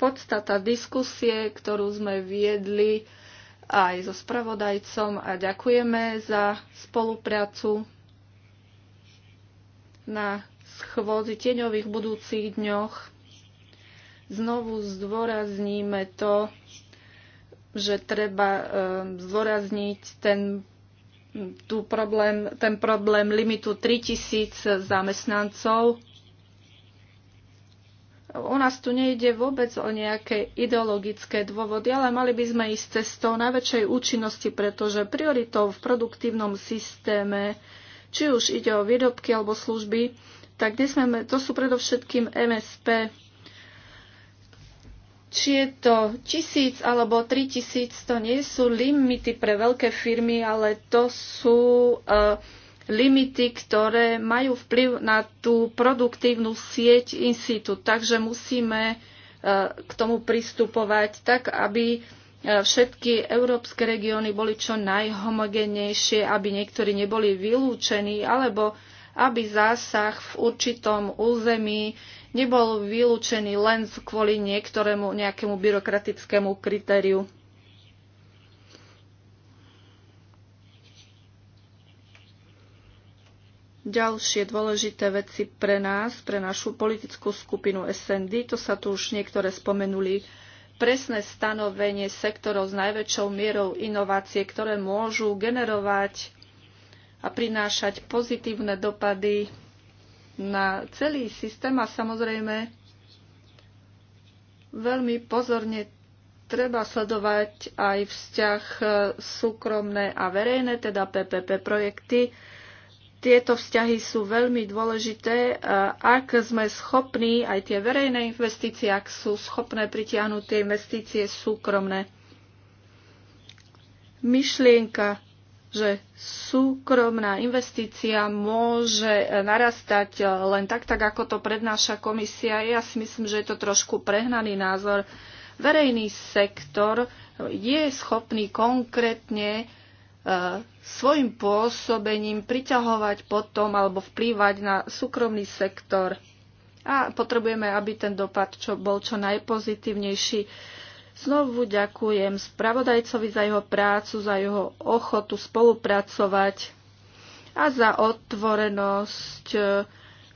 Speaker 2: podstata diskusie, ktorú sme viedli aj so spravodajcom a ďakujeme za spoluprácu na schôdzi tieňových budúcich dňoch znovu zdôrazníme to, že treba e, zdôrazniť ten, tú problém, ten problém limitu 3000 zamestnancov. U nás tu nejde vôbec o nejaké ideologické dôvody, ale mali by sme ísť cestou najväčšej účinnosti, pretože prioritou v produktívnom systéme či už ide o výrobky alebo služby, tak nesmieme, to sú predovšetkým MSP. Či je to tisíc alebo tri tisíc, to nie sú limity pre veľké firmy, ale to sú uh, limity, ktoré majú vplyv na tú produktívnu sieť situ. Takže musíme uh, k tomu pristupovať tak, aby uh, E, všetky európske regióny boli čo najhomogénejšie, aby niektorí neboli vylúčení, alebo aby zásah v určitom území nebol vylúčený len kvôli niektorému nejakému byrokratickému kritériu. Ďalšie dôležité veci pre nás, pre našu politickú skupinu SND, to sa tu už niektoré spomenuli, presné stanovenie sektorov s najväčšou mierou inovácie, ktoré môžu generovať a prinášať pozitívne dopady na celý systém a samozrejme veľmi pozorne treba sledovať aj vzťah e, súkromné a verejné, teda PPP projekty, tieto vzťahy sú veľmi dôležité. E, ak sme schopní, aj tie verejné investície, ak sú schopné pritiahnuť tie investície súkromné. Myšlienka že súkromná investícia môže narastať len tak, tak ako to prednáša komisia. Ja si myslím, že je to trošku prehnaný názor. Verejný sektor je schopný konkrétne E, svojim pôsobením priťahovať potom alebo vplývať na súkromný sektor. A potrebujeme, aby ten dopad čo, bol čo najpozitívnejší. Znovu ďakujem spravodajcovi za jeho prácu, za jeho ochotu spolupracovať a za otvorenosť e,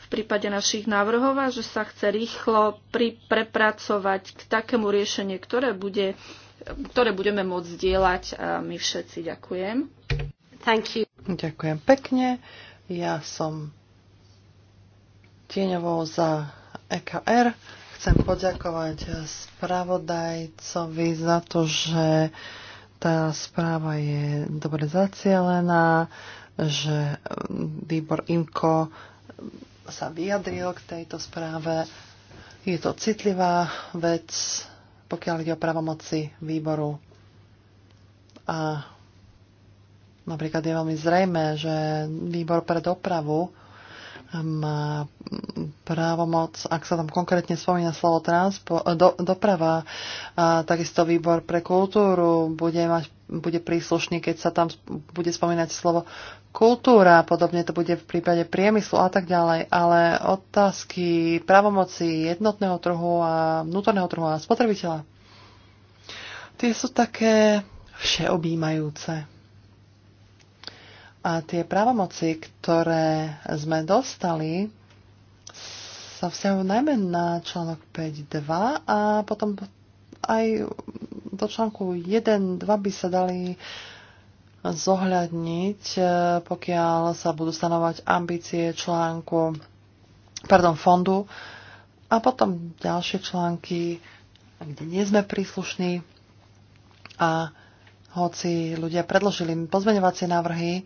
Speaker 2: v prípade našich návrhov a že sa chce rýchlo pri prepracovať k takému riešeniu, ktoré bude ktoré budeme môcť zdieľať my všetci. Ďakujem. Thank you.
Speaker 1: Ďakujem pekne. Ja som tieňovou za EKR. Chcem poďakovať spravodajcovi za to, že tá správa je dobre zacielená, že mm, výbor IMKO sa vyjadril k tejto správe. Je to citlivá vec, pokiaľ ide o pravomoci výboru. A napríklad je veľmi zrejme, že výbor pre dopravu má právomoc, ak sa tam konkrétne spomína slovo transpo, do, doprava, a takisto výbor pre kultúru bude mať bude príslušný, keď sa tam bude spomínať slovo kultúra, podobne to bude v prípade priemyslu a tak ďalej, ale otázky pravomoci jednotného trhu a vnútorného trhu a spotrebiteľa, tie sú také všeobjímajúce. A tie právomoci, ktoré sme dostali, sa vzťahujú najmä na článok 5.2 a potom aj do článku 1, 2 by sa dali zohľadniť, e, pokiaľ sa budú stanovať ambície článku, pardon, fondu a potom ďalšie články, kde nie sme príslušní a hoci ľudia predložili pozmeňovacie návrhy, e,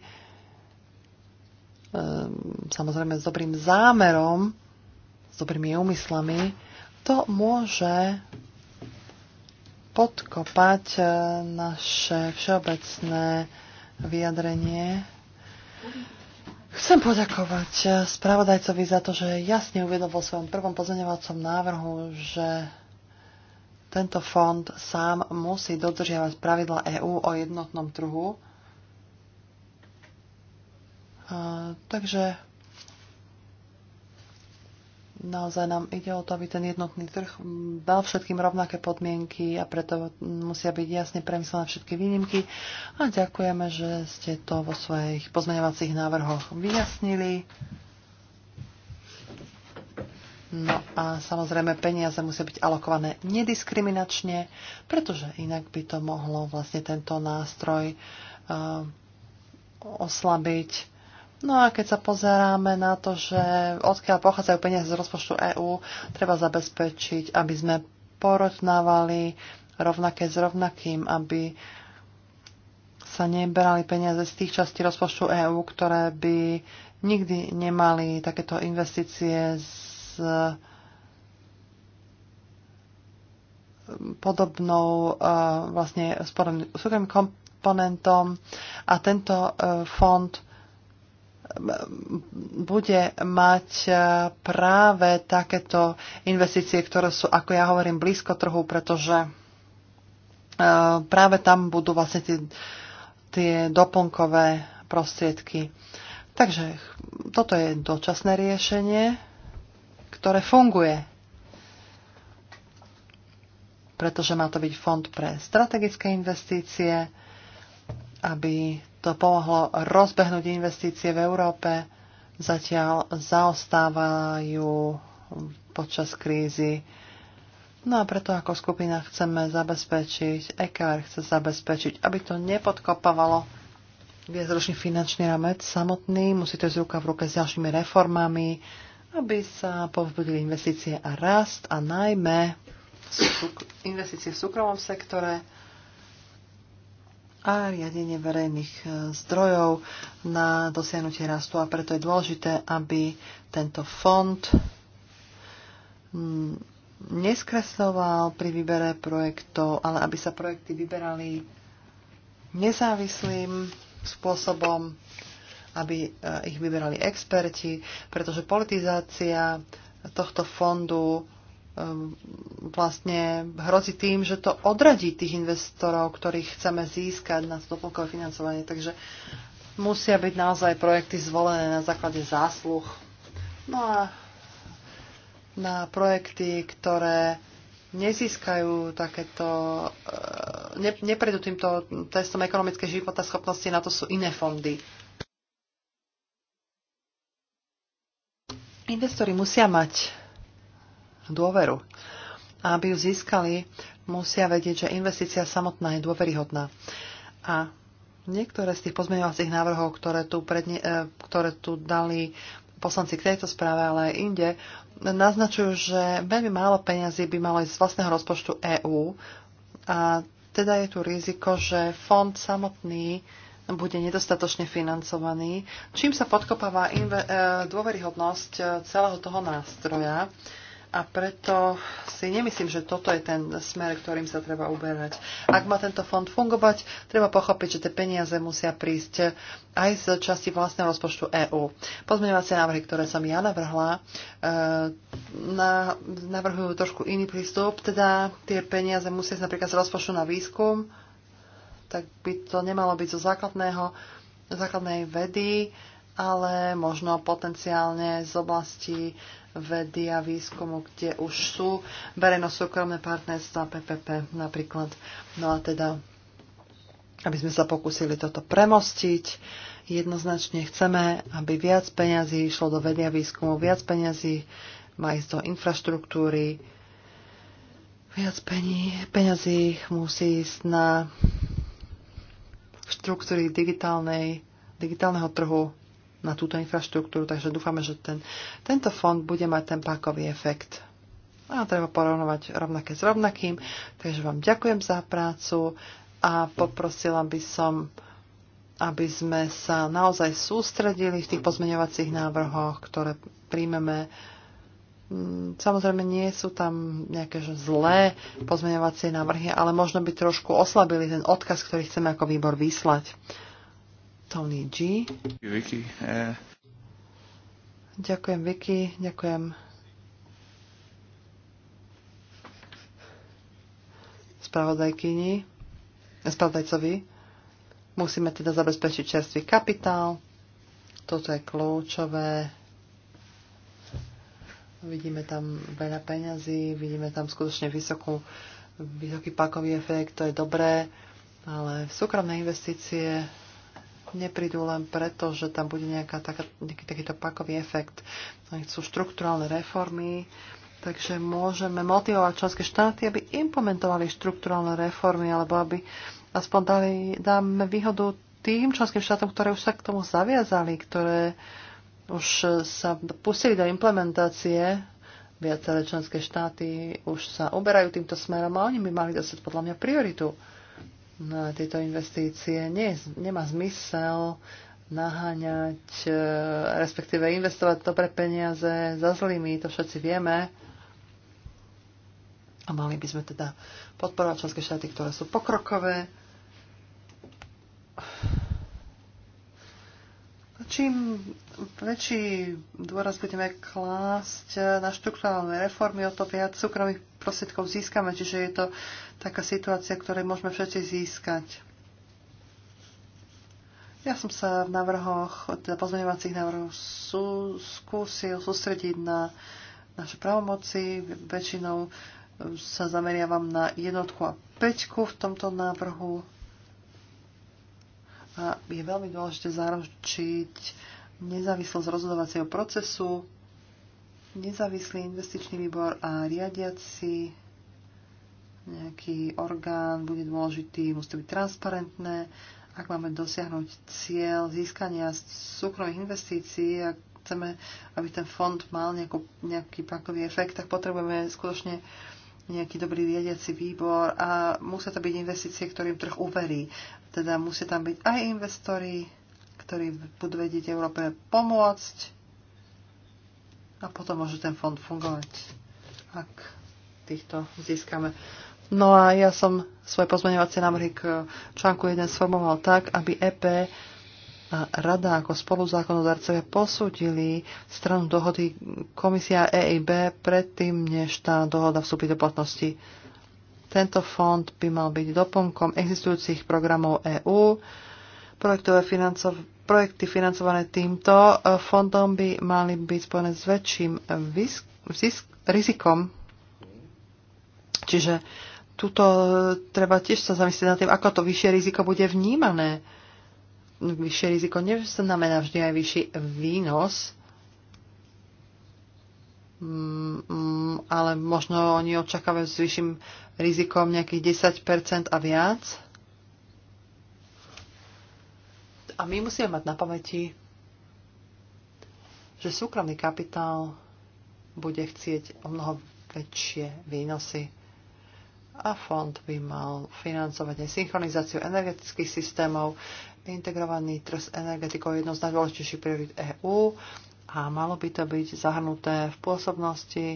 Speaker 1: samozrejme s dobrým zámerom, s dobrými úmyslami, to môže podkopať e, naše všeobecné vyjadrenie. Chcem poďakovať e, spravodajcovi za to, že jasne uvedol vo svojom prvom pozorňovacom návrhu, že tento fond sám musí dodržiavať pravidla EÚ o jednotnom trhu. E, takže naozaj nám ide o to, aby ten jednotný trh dal všetkým rovnaké podmienky a preto musia byť jasne premyslené všetky výnimky. A ďakujeme, že ste to vo svojich pozmeňovacích návrhoch vyjasnili. No a samozrejme peniaze musia byť alokované nediskriminačne, pretože inak by to mohlo vlastne tento nástroj uh, oslabiť No a keď sa pozeráme na to, že odkiaľ pochádzajú peniaze z rozpočtu EÚ, treba zabezpečiť, aby sme porovnávali rovnaké s rovnakým, aby sa neberali peniaze z tých častí rozpočtu EÚ, ktoré by nikdy nemali takéto investície s podobnou e, vlastne s podobným komponentom a tento e, fond bude mať e, práve takéto investície, ktoré sú, ako ja hovorím, blízko trhu, pretože e, práve tam budú vlastne tie, tie doplnkové prostriedky. Takže toto je dočasné riešenie, ktoré funguje. Pretože má to byť fond pre strategické investície, aby to pomohlo rozbehnúť investície v Európe. Zatiaľ zaostávajú počas krízy. No a preto ako skupina chceme zabezpečiť, EKR chce zabezpečiť, aby to nepodkopávalo viacročný finančný ramec samotný, musí to ísť ruka v ruke s ďalšími reformami, aby sa povzbudili investície a rast a najmä investície v súkromnom sektore, a riadenie verejných e, zdrojov na dosiahnutie rastu a preto je dôležité, aby tento fond mm, neskresloval pri výbere projektov, ale aby sa projekty vyberali nezávislým spôsobom, aby e, ich vyberali experti, pretože politizácia tohto fondu e, vlastne hrozí tým, že to odradí tých investorov, ktorých chceme získať na to doplnkové financovanie. Takže musia byť naozaj projekty zvolené na základe zásluh. No a na projekty, ktoré nezískajú takéto, e, ne, neprejdú týmto testom ekonomické života schopnosti, na to sú iné fondy. Investori musia mať dôveru a aby ju získali, musia vedieť, že investícia samotná je dôveryhodná. A niektoré z tých pozmeňovacích návrhov, ktoré tu, predne, e, ktoré tu dali poslanci k tejto správe, ale aj inde, naznačujú, že veľmi málo peňazí by malo ísť z vlastného rozpočtu EÚ a teda je tu riziko, že fond samotný bude nedostatočne financovaný, čím sa podkopáva e, dôveryhodnosť e, celého toho nástroja a preto si nemyslím, že toto je ten smer, ktorým sa treba uberať. Ak má tento fond fungovať, treba pochopiť, že tie peniaze musia prísť aj z časti vlastného rozpočtu EÚ. Pozmeňovacie návrhy, ktoré som ja navrhla, e, navrhujú trošku iný prístup, teda tie peniaze musia ísť napríklad z rozpočtu na výskum, tak by to nemalo byť zo základného, základnej vedy, ale možno potenciálne z oblasti vedy a výskumu, kde už sú verejno-súkromné partnerstva PPP napríklad. No a teda, aby sme sa pokúsili toto premostiť, jednoznačne chceme, aby viac peňazí išlo do vedy a výskumu, viac peňazí má ísť do infraštruktúry, viac peňazí musí ísť na štruktúry digitálnej, digitálneho trhu, na túto infraštruktúru, takže dúfame, že ten, tento fond bude mať ten pákový efekt. A treba porovnovať rovnaké s rovnakým, takže vám ďakujem za prácu a poprosila by som, aby sme sa naozaj sústredili v tých pozmeňovacích návrhoch, ktoré príjmeme. Mm, samozrejme, nie sú tam nejaké že zlé pozmeňovacie návrhy, ale možno by trošku oslabili ten odkaz, ktorý chceme ako výbor vyslať. Tony G.
Speaker 3: Vicky. Eh.
Speaker 1: Ďakujem Vicky, ďakujem spravodajkyni, spravodajcovi. Musíme teda zabezpečiť čerstvý kapitál. Toto je kľúčové. Vidíme tam veľa peňazí, vidíme tam skutočne vysokú, vysoký pakový efekt, to je dobré, ale súkromné investície neprídu len preto, že tam bude nejaká taká, nejaký takýto pakový efekt. Oni chcú štruktúralne reformy, takže môžeme motivovať členské štáty, aby implementovali štruktúralne reformy, alebo aby aspoň dali, dáme výhodu tým členským štátom, ktoré už sa k tomu zaviazali, ktoré už sa pustili do implementácie viaceré členské štáty už sa uberajú týmto smerom a oni by mali dostať podľa mňa prioritu na tieto investície. Nie, nemá zmysel naháňať, e, respektíve investovať dobre peniaze za zlými, to všetci vieme. A mali by sme teda podporovať členské štáty, ktoré sú pokrokové. Čím väčší dôraz budeme klásť na štruktúrálne reformy, o to viac súkromných prostriedkov získame, čiže je to taká situácia, ktorej môžeme všetci získať. Ja som sa v návrhoch, teda pozmeňovacích návrhoch sú, skúsil sústrediť na naše pravomoci. Väčšinou sa zameriavam na jednotku a peťku v tomto návrhu. A je veľmi dôležité zaručiť nezávislosť rozhodovacieho procesu, nezávislý investičný výbor a riadiaci nejaký orgán bude dôležitý, musí to byť transparentné. Ak máme dosiahnuť cieľ získania súkromných investícií, ak chceme, aby ten fond mal nejakú, nejaký pakový efekt, tak potrebujeme skutočne nejaký dobrý riadiaci výbor a musia to byť investície, ktorým trh uverí. Teda musia tam byť aj investori, ktorí budú vedieť Európe pomôcť, a potom môže ten fond fungovať, ak týchto získame. No a ja som svoje pozmeňovacie návrhy k článku 1 sformoval tak, aby EP a Rada ako spoluzákonodarcovia posúdili stranu dohody Komisia EIB predtým, než tá dohoda vstúpi do platnosti. Tento fond by mal byť doplnkom existujúcich programov EÚ, projektové financov, projekty financované týmto e, fondom by mali byť spojené s väčším vysk, vysk, rizikom. Čiže tuto e, treba tiež sa zamyslieť nad tým, ako to vyššie riziko bude vnímané. Vyššie riziko neznamená vždy aj vyšší výnos, mm, ale možno oni očakávajú s vyšším rizikom nejakých 10% a viac. A my musíme mať na pamäti, že súkromný kapitál bude chcieť o mnoho väčšie výnosy a fond by mal financovať aj synchronizáciu energetických systémov. Integrovaný trh s energetikou je jednou z najdôležitejších priorit EÚ a malo by to byť zahrnuté v pôsobnosti.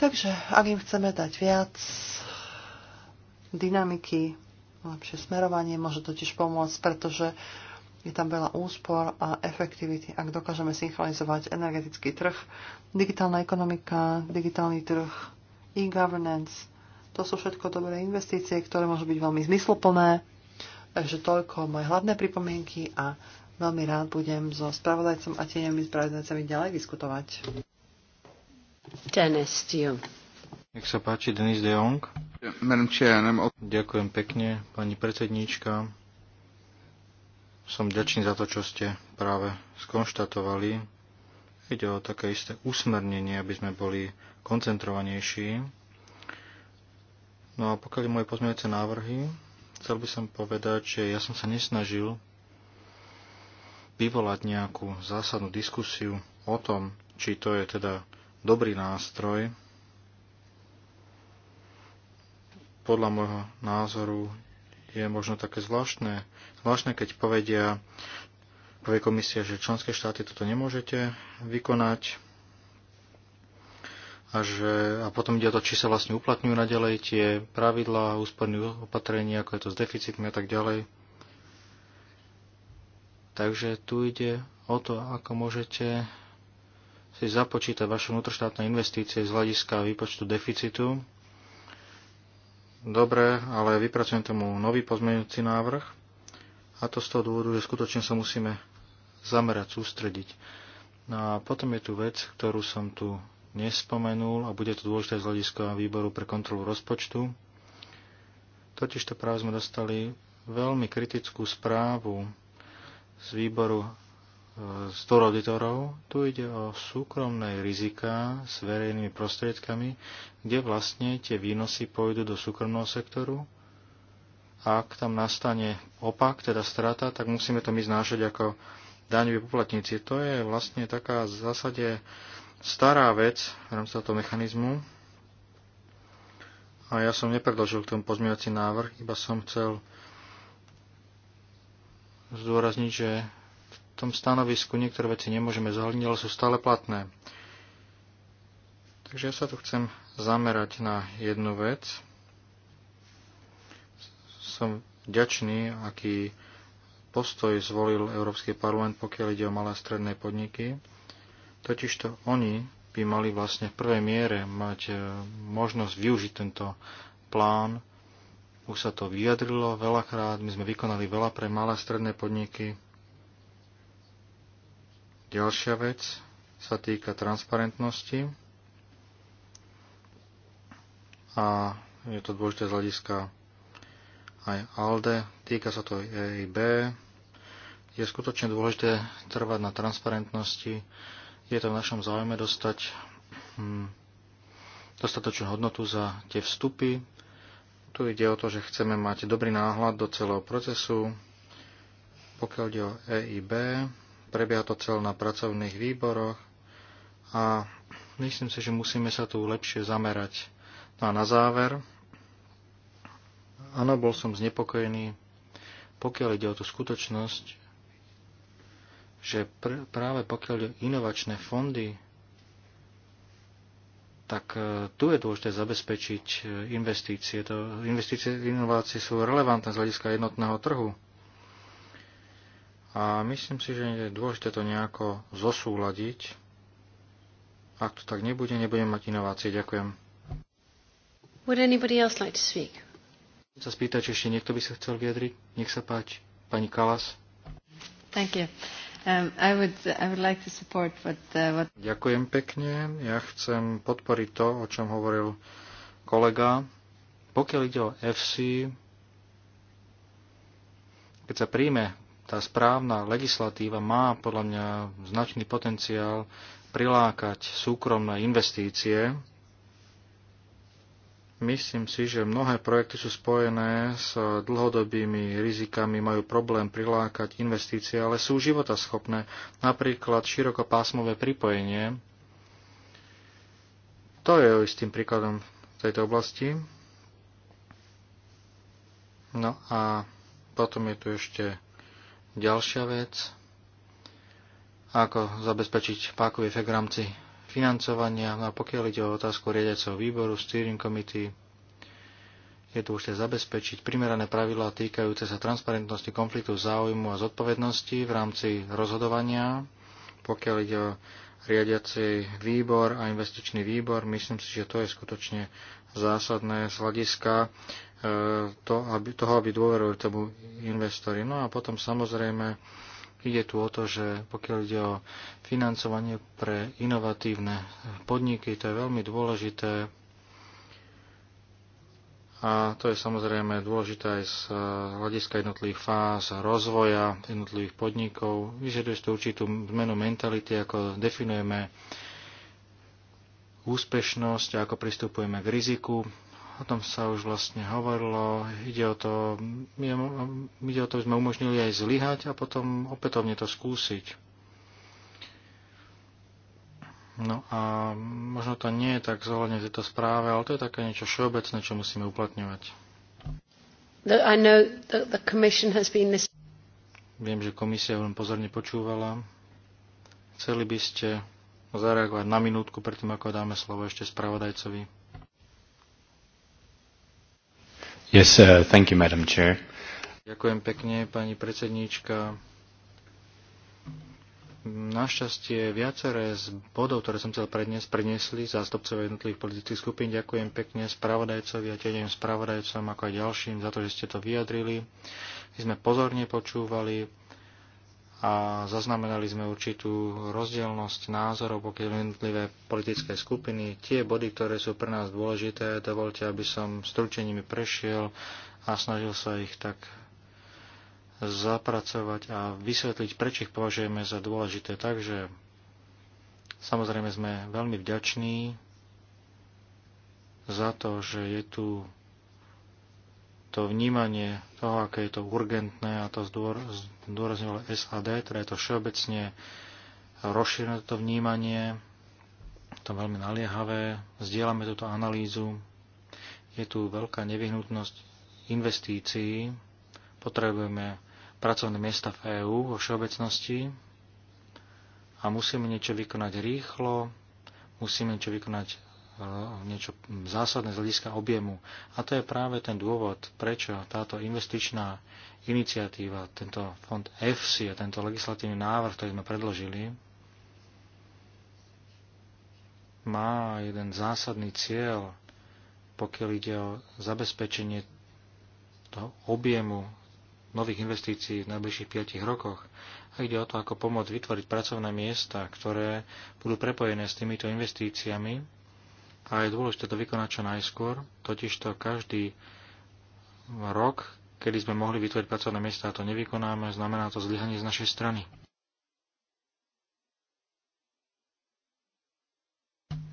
Speaker 1: Takže ak im chceme dať viac dynamiky, lepšie smerovanie, môže totiž pomôcť, pretože je tam veľa úspor a efektivity, ak dokážeme synchronizovať energetický trh, digitálna ekonomika, digitálny trh, e-governance. To sú všetko dobré investície, ktoré môžu byť veľmi zmysluplné. Takže toľko moje hlavné pripomienky a veľmi rád budem so spravodajcom a tieňovými spravodajcami ďalej diskutovať.
Speaker 3: Nech sa páči, Denis de Jong. Ďakujem pekne, pani predsedníčka. Som ďačný za to, čo ste práve skonštatovali. Ide o také isté usmernenie, aby sme boli koncentrovanejší. No a pokiaľ moje pozmeňujúce návrhy, chcel by som povedať, že ja som sa nesnažil vyvolať nejakú zásadnú diskusiu o tom, či to je teda dobrý nástroj podľa môjho názoru je možno také zvláštne, zvláštne keď povedia, povie komisia, že členské štáty toto nemôžete vykonať a, že, a potom ide o to, či sa vlastne uplatňujú naďalej tie pravidlá, úsporné opatrení, ako je to s deficitmi a tak ďalej. Takže tu ide o to, ako môžete si započítať vaše vnútroštátne investície z hľadiska výpočtu deficitu Dobre, ale vypracujem tomu nový pozmeňujúci návrh a to z toho dôvodu, že skutočne sa musíme zamerať, sústrediť. No a potom je tu vec, ktorú som tu nespomenul a bude to dôležité z hľadiska výboru pre kontrolu rozpočtu. Totižto práve sme dostali veľmi kritickú správu z výboru dvor auditorov. Tu ide o súkromné rizika s verejnými prostriedkami, kde vlastne tie výnosy pôjdu do súkromného sektoru. Ak tam nastane opak, teda strata, tak musíme to my znášať ako daňoví poplatníci. To je vlastne taká v zásade stará vec v rámci tohto mechanizmu. A ja som nepredložil k tomu pozmeňovací návrh, iba som chcel zdôrazniť, že tom stanovisku niektoré veci nemôžeme zohľadniť, ale sú stále platné. Takže ja sa tu chcem zamerať na jednu vec. Som vďačný, aký postoj zvolil Európsky parlament, pokiaľ ide o malé a stredné podniky. Totižto oni by mali vlastne v prvej miere mať e, možnosť využiť tento plán. Už sa to vyjadrilo veľakrát, my sme vykonali veľa pre malé a stredné podniky. Ďalšia vec sa týka transparentnosti a je to dôležité z hľadiska aj ALDE, týka sa to EIB. Je skutočne dôležité trvať na transparentnosti, je to v našom záujme dostať hm, dostatočnú hodnotu za tie vstupy. Tu ide o to, že chceme mať dobrý náhľad do celého procesu. Pokiaľ ide o EIB, prebieha to cel na pracovných výboroch a myslím si, že musíme sa tu lepšie zamerať. No a na záver, áno, bol som znepokojený, pokiaľ ide o tú skutočnosť, že pr- práve pokiaľ ide inovačné fondy, tak e, tu je dôležité zabezpečiť e, investície. To, investície, inovácie sú relevantné z hľadiska jednotného trhu. A myslím si, že je dôležité to nejako zosúľadiť. Ak to tak nebude, nebudem mať inovácie. Ďakujem. Would
Speaker 1: anybody else like to speak?
Speaker 3: Chcem sa spýtať, či ešte niekto by sa chcel vyjadriť. Nech sa páči. Pani Kalas.
Speaker 2: Thank you. Um, I would, I would like
Speaker 3: to support what, uh, what... Ďakujem pekne. Ja chcem podporiť to, o čom hovoril kolega. Pokiaľ ide o FC, keď sa príjme tá správna legislatíva má podľa mňa značný potenciál prilákať súkromné investície. Myslím si, že mnohé projekty sú spojené s dlhodobými rizikami, majú problém prilákať investície, ale sú životaschopné. Napríklad širokopásmové pripojenie. To je istým príkladom v tejto oblasti. No a potom je tu ešte Ďalšia vec, ako zabezpečiť pákový efekt v rámci financovania. No a pokiaľ ide o otázku riadiaceho výboru, steering committee, je tu už zabezpečiť primerané pravidlá týkajúce sa transparentnosti konfliktu záujmu a zodpovednosti v rámci rozhodovania, pokiaľ ide o riadiaci výbor a investičný výbor. Myslím si, že to je skutočne zásadné z hľadiska E, to, aby, toho, aby dôverovali tomu investori. No a potom samozrejme ide tu o to, že pokiaľ ide o financovanie pre inovatívne podniky, to je veľmi dôležité. A to je samozrejme dôležité aj z e, hľadiska jednotlivých fáz rozvoja jednotlivých podnikov. Vyžaduje to určitú zmenu mentality, ako definujeme úspešnosť, ako pristupujeme k riziku, o tom sa už vlastne hovorilo. Ide o to, ide o to, aby sme umožnili aj zlyhať a potom opätovne to skúsiť. No a možno to nie je tak zohľadne v tejto správe, ale to je také niečo všeobecné, čo musíme uplatňovať.
Speaker 2: I know that the commission has been
Speaker 3: Viem, že komisia vám pozorne počúvala. Chceli by ste zareagovať na minútku, predtým ako dáme slovo ešte spravodajcovi. Yes, uh, thank you, Madam Chair. Ďakujem pekne, pani predsedníčka. Našťastie viaceré z bodov, ktoré som chcel predniesť, predniesli zástupcov jednotlivých politických skupín. Ďakujem pekne spravodajcovi a tieňovým spravodajcom, ako aj ďalším, za to, že ste to vyjadrili. My sme pozorne počúvali a zaznamenali sme určitú rozdielnosť názorov, pokiaľ jednotlivé politické skupiny. Tie body, ktoré sú pre nás dôležité, dovolte, aby som stručenými prešiel a snažil sa ich tak zapracovať a vysvetliť, prečo ich považujeme za dôležité. Takže samozrejme sme veľmi vďační za to, že je tu to vnímanie toho, aké je to urgentné, a to zdôrazňovalo SAD, teda je to všeobecne rozšírené toto vnímanie, to veľmi naliehavé, zdieľame túto analýzu, je tu veľká nevyhnutnosť investícií, potrebujeme pracovné miesta v EÚ vo všeobecnosti a musíme niečo vykonať rýchlo, musíme niečo vykonať Eh, niečo zásadné z hľadiska objemu. A to je práve ten dôvod, prečo táto investičná iniciatíva, tento fond EFSI a tento legislatívny návrh, ktorý sme predložili, má jeden zásadný cieľ, pokiaľ ide o zabezpečenie toho objemu nových investícií v najbližších 5 rokoch. A ide o to, ako pomôcť vytvoriť pracovné miesta, ktoré budú prepojené s týmito investíciami a je dôležité to vykonať čo najskôr, totižto každý rok, kedy sme mohli vytvoriť pracovné miesta a to nevykonáme, znamená to zlyhanie z našej strany.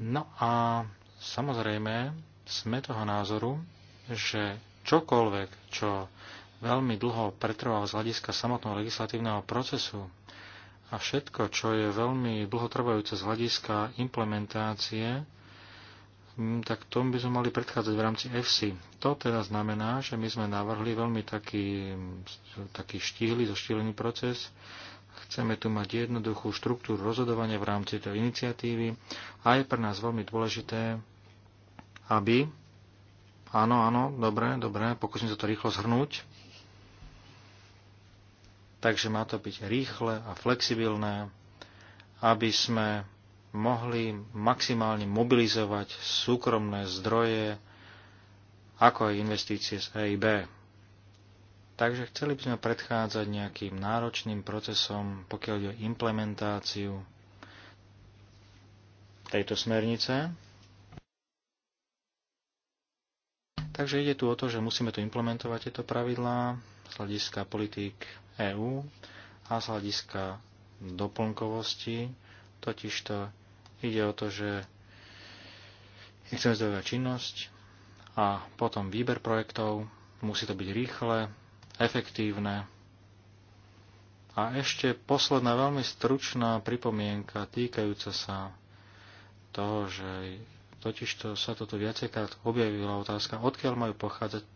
Speaker 3: No a samozrejme sme toho názoru, že čokoľvek, čo veľmi dlho pretrvá z hľadiska samotného legislatívneho procesu a všetko, čo je veľmi dlhotrvajúce z hľadiska implementácie, Hm, tak tomu by sme mali predchádzať v rámci FC. To teda znamená, že my sme navrhli veľmi taký, taký štíhly, zoštílený proces. Chceme tu mať jednoduchú štruktúru rozhodovania v rámci tej iniciatívy a je pre nás veľmi dôležité, aby... Áno, áno, dobre, dobre, pokúsim sa to rýchlo zhrnúť. Takže má to byť rýchle a flexibilné, aby sme mohli maximálne mobilizovať súkromné zdroje, ako aj investície z EIB. Takže chceli by sme predchádzať nejakým náročným procesom, pokiaľ ide o implementáciu tejto smernice. Takže ide tu o to, že musíme tu implementovať tieto pravidlá z hľadiska politík EÚ a z hľadiska doplnkovosti, totižto Ide o to, že licencová činnosť a potom výber projektov. Musí to byť rýchle, efektívne. A ešte posledná veľmi stručná pripomienka týkajúca sa toho, že totižto sa toto viacejkrát objavila otázka, odkiaľ majú pochádzať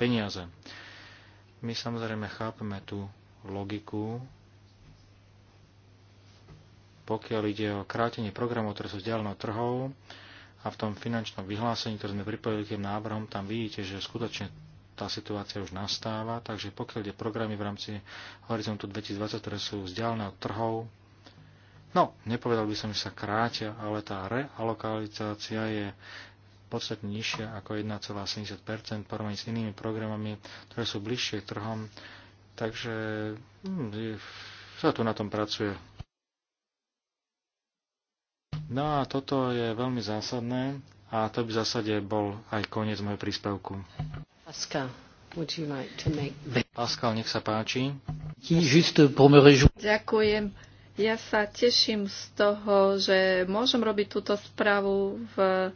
Speaker 3: peniaze. My samozrejme chápeme tú logiku pokiaľ ide o krátenie programov, ktoré sú vzdialené od trhov a v tom finančnom vyhlásení, ktoré sme pripojili k tým návrhom, tam vidíte, že skutočne tá situácia už nastáva, takže pokiaľ ide programy v rámci Horizontu 2020, ktoré sú vzdialené od trhov, no, nepovedal by som, že sa krátia, ale tá realokalizácia je podstatne nižšia ako 1,70 porovnaní s inými programami, ktoré sú bližšie k trhom. Takže hm, sa tu na tom pracuje No a toto je veľmi zásadné a to by v zásade bol aj koniec môjho príspevku. Pascal, would you like to make... Pascal, nech sa páči.
Speaker 2: Ďakujem. Ja sa teším z toho, že môžem robiť túto správu v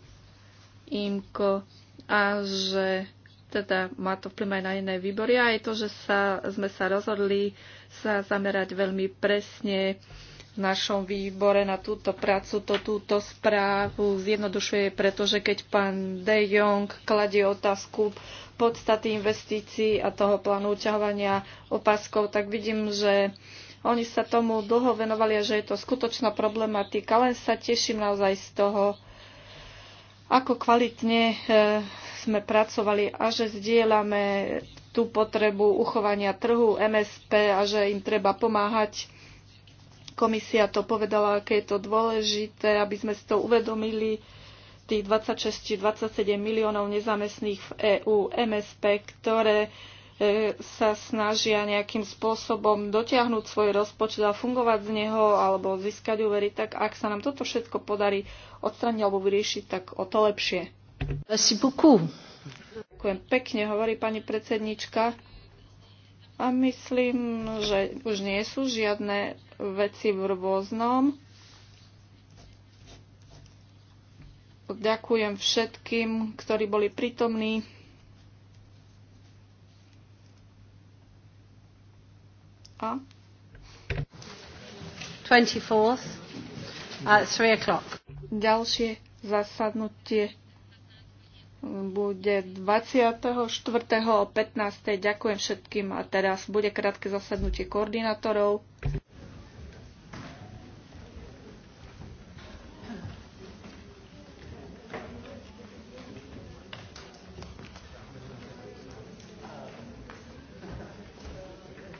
Speaker 2: IMCO a že teda má to vplyv aj na iné výbory a aj to, že sa, sme sa rozhodli sa zamerať veľmi presne v našom výbore na túto prácu, to túto správu zjednodušuje, pretože keď pán De Jong kladie otázku podstaty investícií a toho plánu uťahovania opaskov, tak vidím, že oni sa tomu dlho venovali a že je to skutočná problematika. Len sa teším naozaj z toho, ako kvalitne e, sme pracovali a že zdieľame tú potrebu uchovania trhu MSP a že im treba pomáhať Komisia to povedala, aké je to dôležité, aby sme si to uvedomili, tých 26 či 27 miliónov nezamestných v EÚ, MSP, ktoré e, sa snažia nejakým spôsobom dotiahnuť svoj rozpočet a fungovať z neho alebo získať úvery, tak ak sa nám toto všetko podarí odstraniť alebo vyriešiť, tak o to lepšie. Ďakujem pekne, hovorí pani predsednička. A myslím, že už nie sú žiadne veci v rôznom. Ďakujem všetkým, ktorí boli prítomní. A? 24th at 3 o'clock. Ďalšie zasadnutie bude 24. o 15. Ďakujem všetkým a teraz bude krátke zasadnutie koordinátorov.